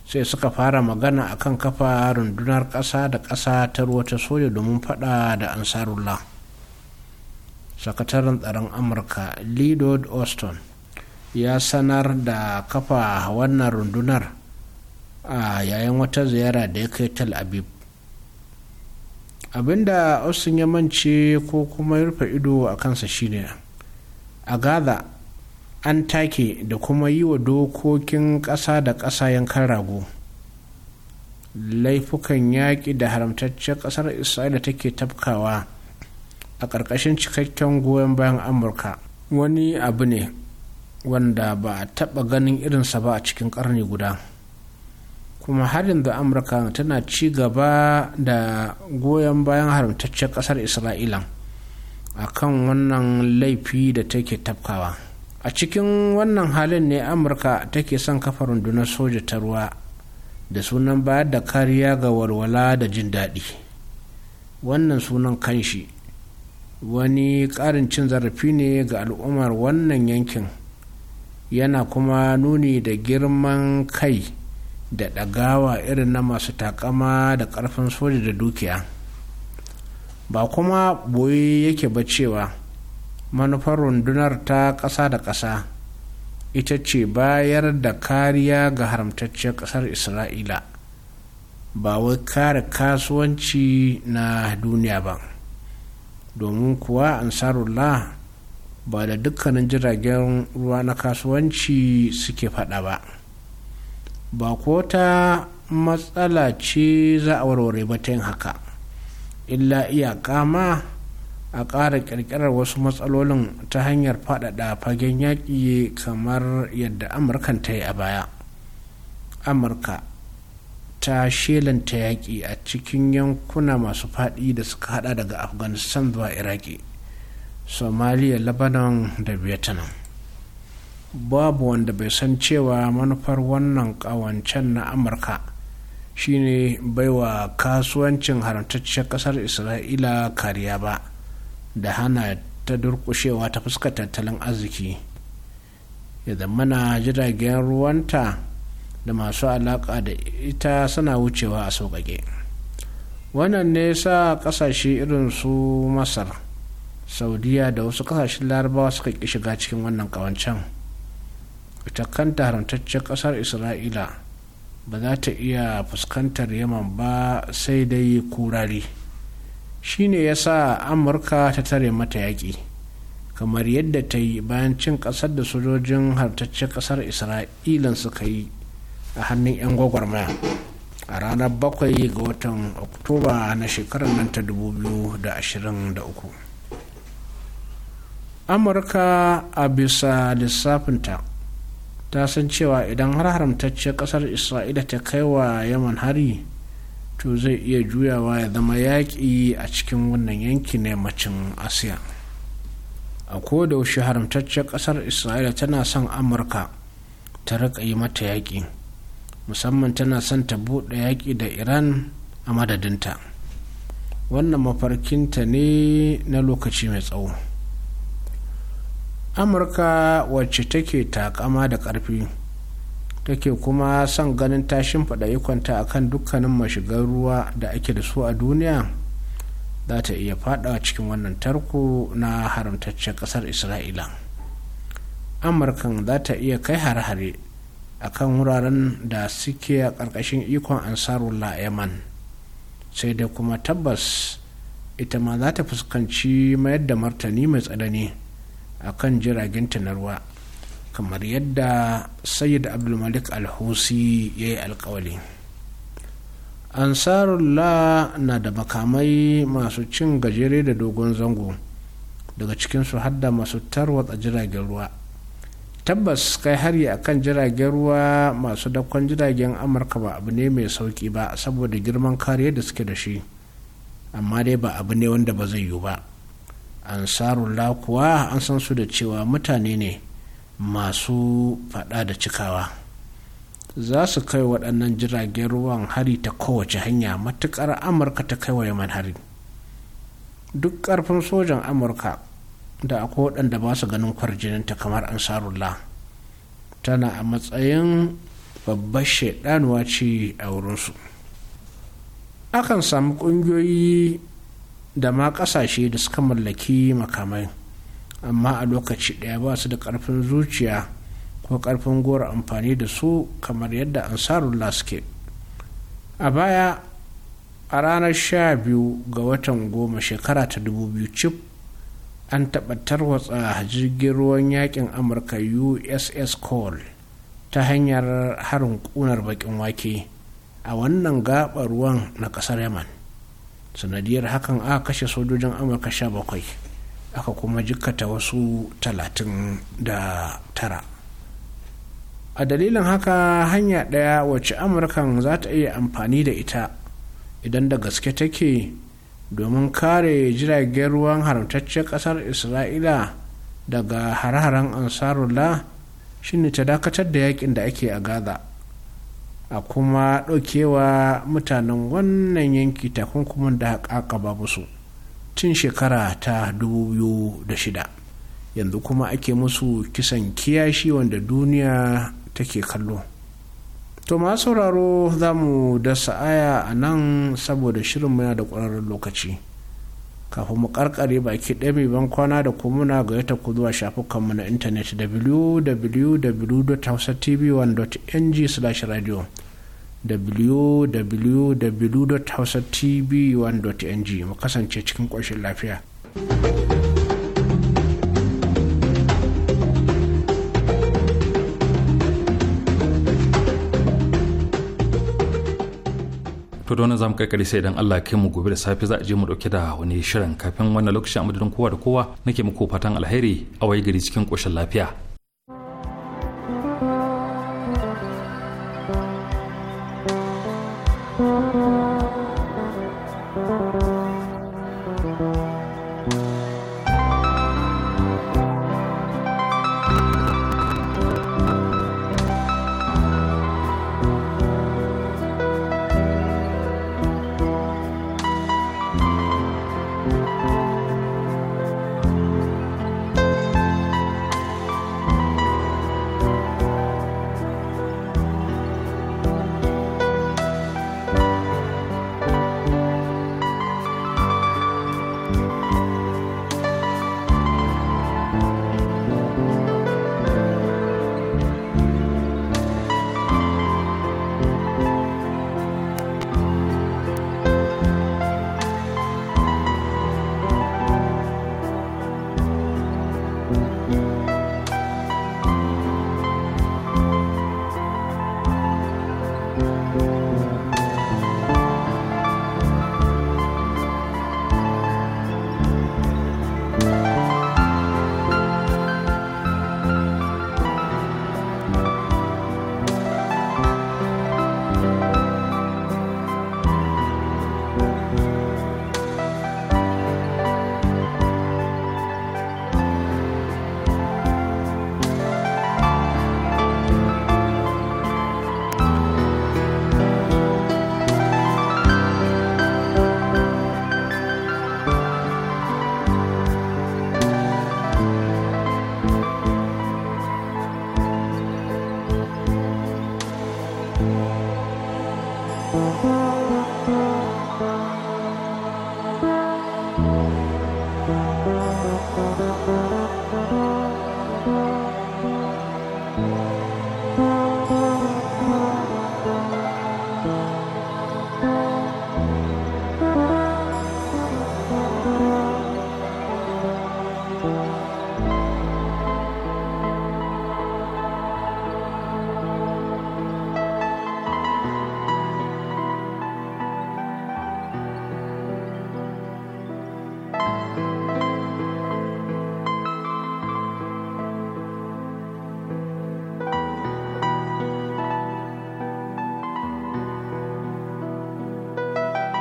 sai suka fara magana a kan kafa rundunar ƙasa da ƙasa ta ruwa ta soja domin fada da ansarullah sakataren tsaron amurka lidod austin ya sanar da kafa wannan rundunar a yayin wata ziyara da ya kai tal abib abinda austin ya mance ko kuma ya rufe ido a kansa shine a gaza an take da kuma yi wa dokokin ƙasa da ƙasa yankan rago laifukan yaƙi da haramtaccen ƙasar isra'ila take tafkawa a ƙarƙashin cikakken goyon bayan amurka wani abu ne wanda ba a taɓa ganin irinsa ba a cikin ƙarni guda kuma harin da amurka tana ci gaba da goyon bayan haramtaccen ƙasar isra'ila a kan wannan laifi da take tafkawa a cikin wannan halin ne amurka take son kafa rundunar soja ta ruwa da sunan bayar da kariya ga walwala da jin daɗi wannan sunan kanshi wani ƙarin cin zarafi ne ga al'ummar wannan yankin yana kuma nuni da girman kai da ɗagawa irin na masu takama da ƙarfin soja da dukiya ba kuma boye yake ba cewa manufar rundunar ta ƙasa da ƙasa ita ce bayar da kariya ga haramtacciyar ƙasar isra'ila ba wai kare kasuwanci na duniya ba domin kuwa ansarullah ba da dukkanin jiragen ruwa na kasuwanci suke faɗa ba ba ko ta matsala ce za a warware ba ta yin haka illa iyaka ma a ƙara ƙirƙirar wasu matsalolin ta hanyar faɗaɗa fagen yaƙi kamar yadda amurkan ta yi a baya amurka ta shelanta yaƙi a cikin yankuna masu faɗi da suka haɗa daga afghanistan zuwa iraki somalia lebanon da vietnam babu wanda bai san cewa manufar wannan ƙawancen na amurka shine baiwa kasuwancin haramtacciyar ƙasar isra'ila kariya ba da hana ta durkushewa ta fuskar tattalin arziki ya zamana jiragen ruwanta da masu alaƙa da ita suna wucewa a sauƙaƙe wannan ne sa ƙasashe irin su masar saudiya da wasu ƙasashen larabawa suka ƙi shiga cikin wannan ƙawancen ita kanta haramtaccen ƙasar isra'ila ba za ta iya fuskantar yaman ba sai dai kurari. shine ya sa amurka ta tare mata yaƙi kamar yadda ta yi bayan cin ƙasar da sojojin hartaccen ƙasar isra'ila suka yi a hannun 'yan gwagwarmaya a ranar bakwai ga watan oktoba na shekarar nan ta 2023 amurka a bisa lissafinta ta san cewa idan har haramtacce ƙasar isra'ila ta kai wa yaman hari to zai iya juyawa ya zama yaƙi a cikin wannan yanki na macin asiya a kodaushe haramtaccen ƙasar isra'ila tana son amurka ta riƙa yi mata yaƙi musamman tana son ta buɗe yaƙi da iran a madadinta wannan mafarkinta ne na lokaci mai tsawo amurka wacce take takama da ƙarfi take kuma son ganin ta shimfiɗa ikonta a kan dukkanin mashigar ruwa da ake da su a duniya za ta iya faɗawa cikin wannan tarko na haramtaccen ƙasar isra'ila amurkan za ta iya kai har hare a kan wuraren da suke a ƙarƙashin ikon ansarullah yaman sai dai kuma tabbas ita ma za ta fuskanci mayar da martani mai tsanani a kan jiragen na ruwa kamar yadda sayyid abdulmalik alhusi ya yi alkawali ansarullah na da makamai masu cin gajere da dogon zango daga cikin su hadda masu tarwatsa jiragen ruwa tabbas kai hari a kan jiragen ruwa masu dakon jiragen amurka ba abu ne mai sauki ba saboda girman kariya da suke da shi amma dai ba abu ne wanda ba zai yiwu ba ansarullah kuwa an san su da cewa mutane ne masu fada da cikawa za su kai waɗannan jiragen ruwan hari ta kowace hanya matuƙar amurka ta kai wa yaman hari duk ƙarfin sojan amurka da akwai waɗanda ba su ganin kwarjininta kamar ansarullah tana a matsayin babbar shaidanuwa ce a wurinsu akan samu ƙungiyoyi da ma ƙasashe da suka mallaki makamai amma a lokaci ɗaya ba su da ƙarfin zuciya ko ƙarfin gora amfani da su kamar yadda ansarullah suke a baya a ranar sha biyu ga watan goma shekara ta dubu biyu cif an taɓa tarwatsa jirgin ruwan yakin amurka uss cole ta hanyar harin ƙunar baƙin wake a wannan gaɓar ruwan na ƙasar yaman sanadiyar hakan aka kashe sojojin amurka sha bakwai. aka kuma jikkata wasu talatin da tara a dalilin haka hanya ɗaya wacce amurkan za ta iya amfani da ita idan da gaske take domin kare jiragen ruwan haramtaccen ƙasar isra'ila daga har haren ansarullah shine ta dakatar da yakin da ake a gaza a kuma ɗaukewa mutanen wannan yanki takunkumin da haƙaƙa babu su tun shekara ta 2006 yanzu kuma ake musu kisan kiyashi wanda duniya take kallo to ma sauraro za mu dasa aya a nan saboda shirin muna da ƙwararren lokaci kafin mu karkare baki ɗaya mai ban kwana da kumuna ga yata ku zuwa shafukanmu na intanet www.hausatv1.ng/radio www.hausatv1.ng mu kasance cikin ƙoshin lafiya. to da wannan zamu kai sai idan Allah kai mu gobe da safe za a je mu dauke da wani shirin kafin wannan lokacin a madadin kowa da kowa nake muku fatan alheri a waye gari cikin koshin lafiya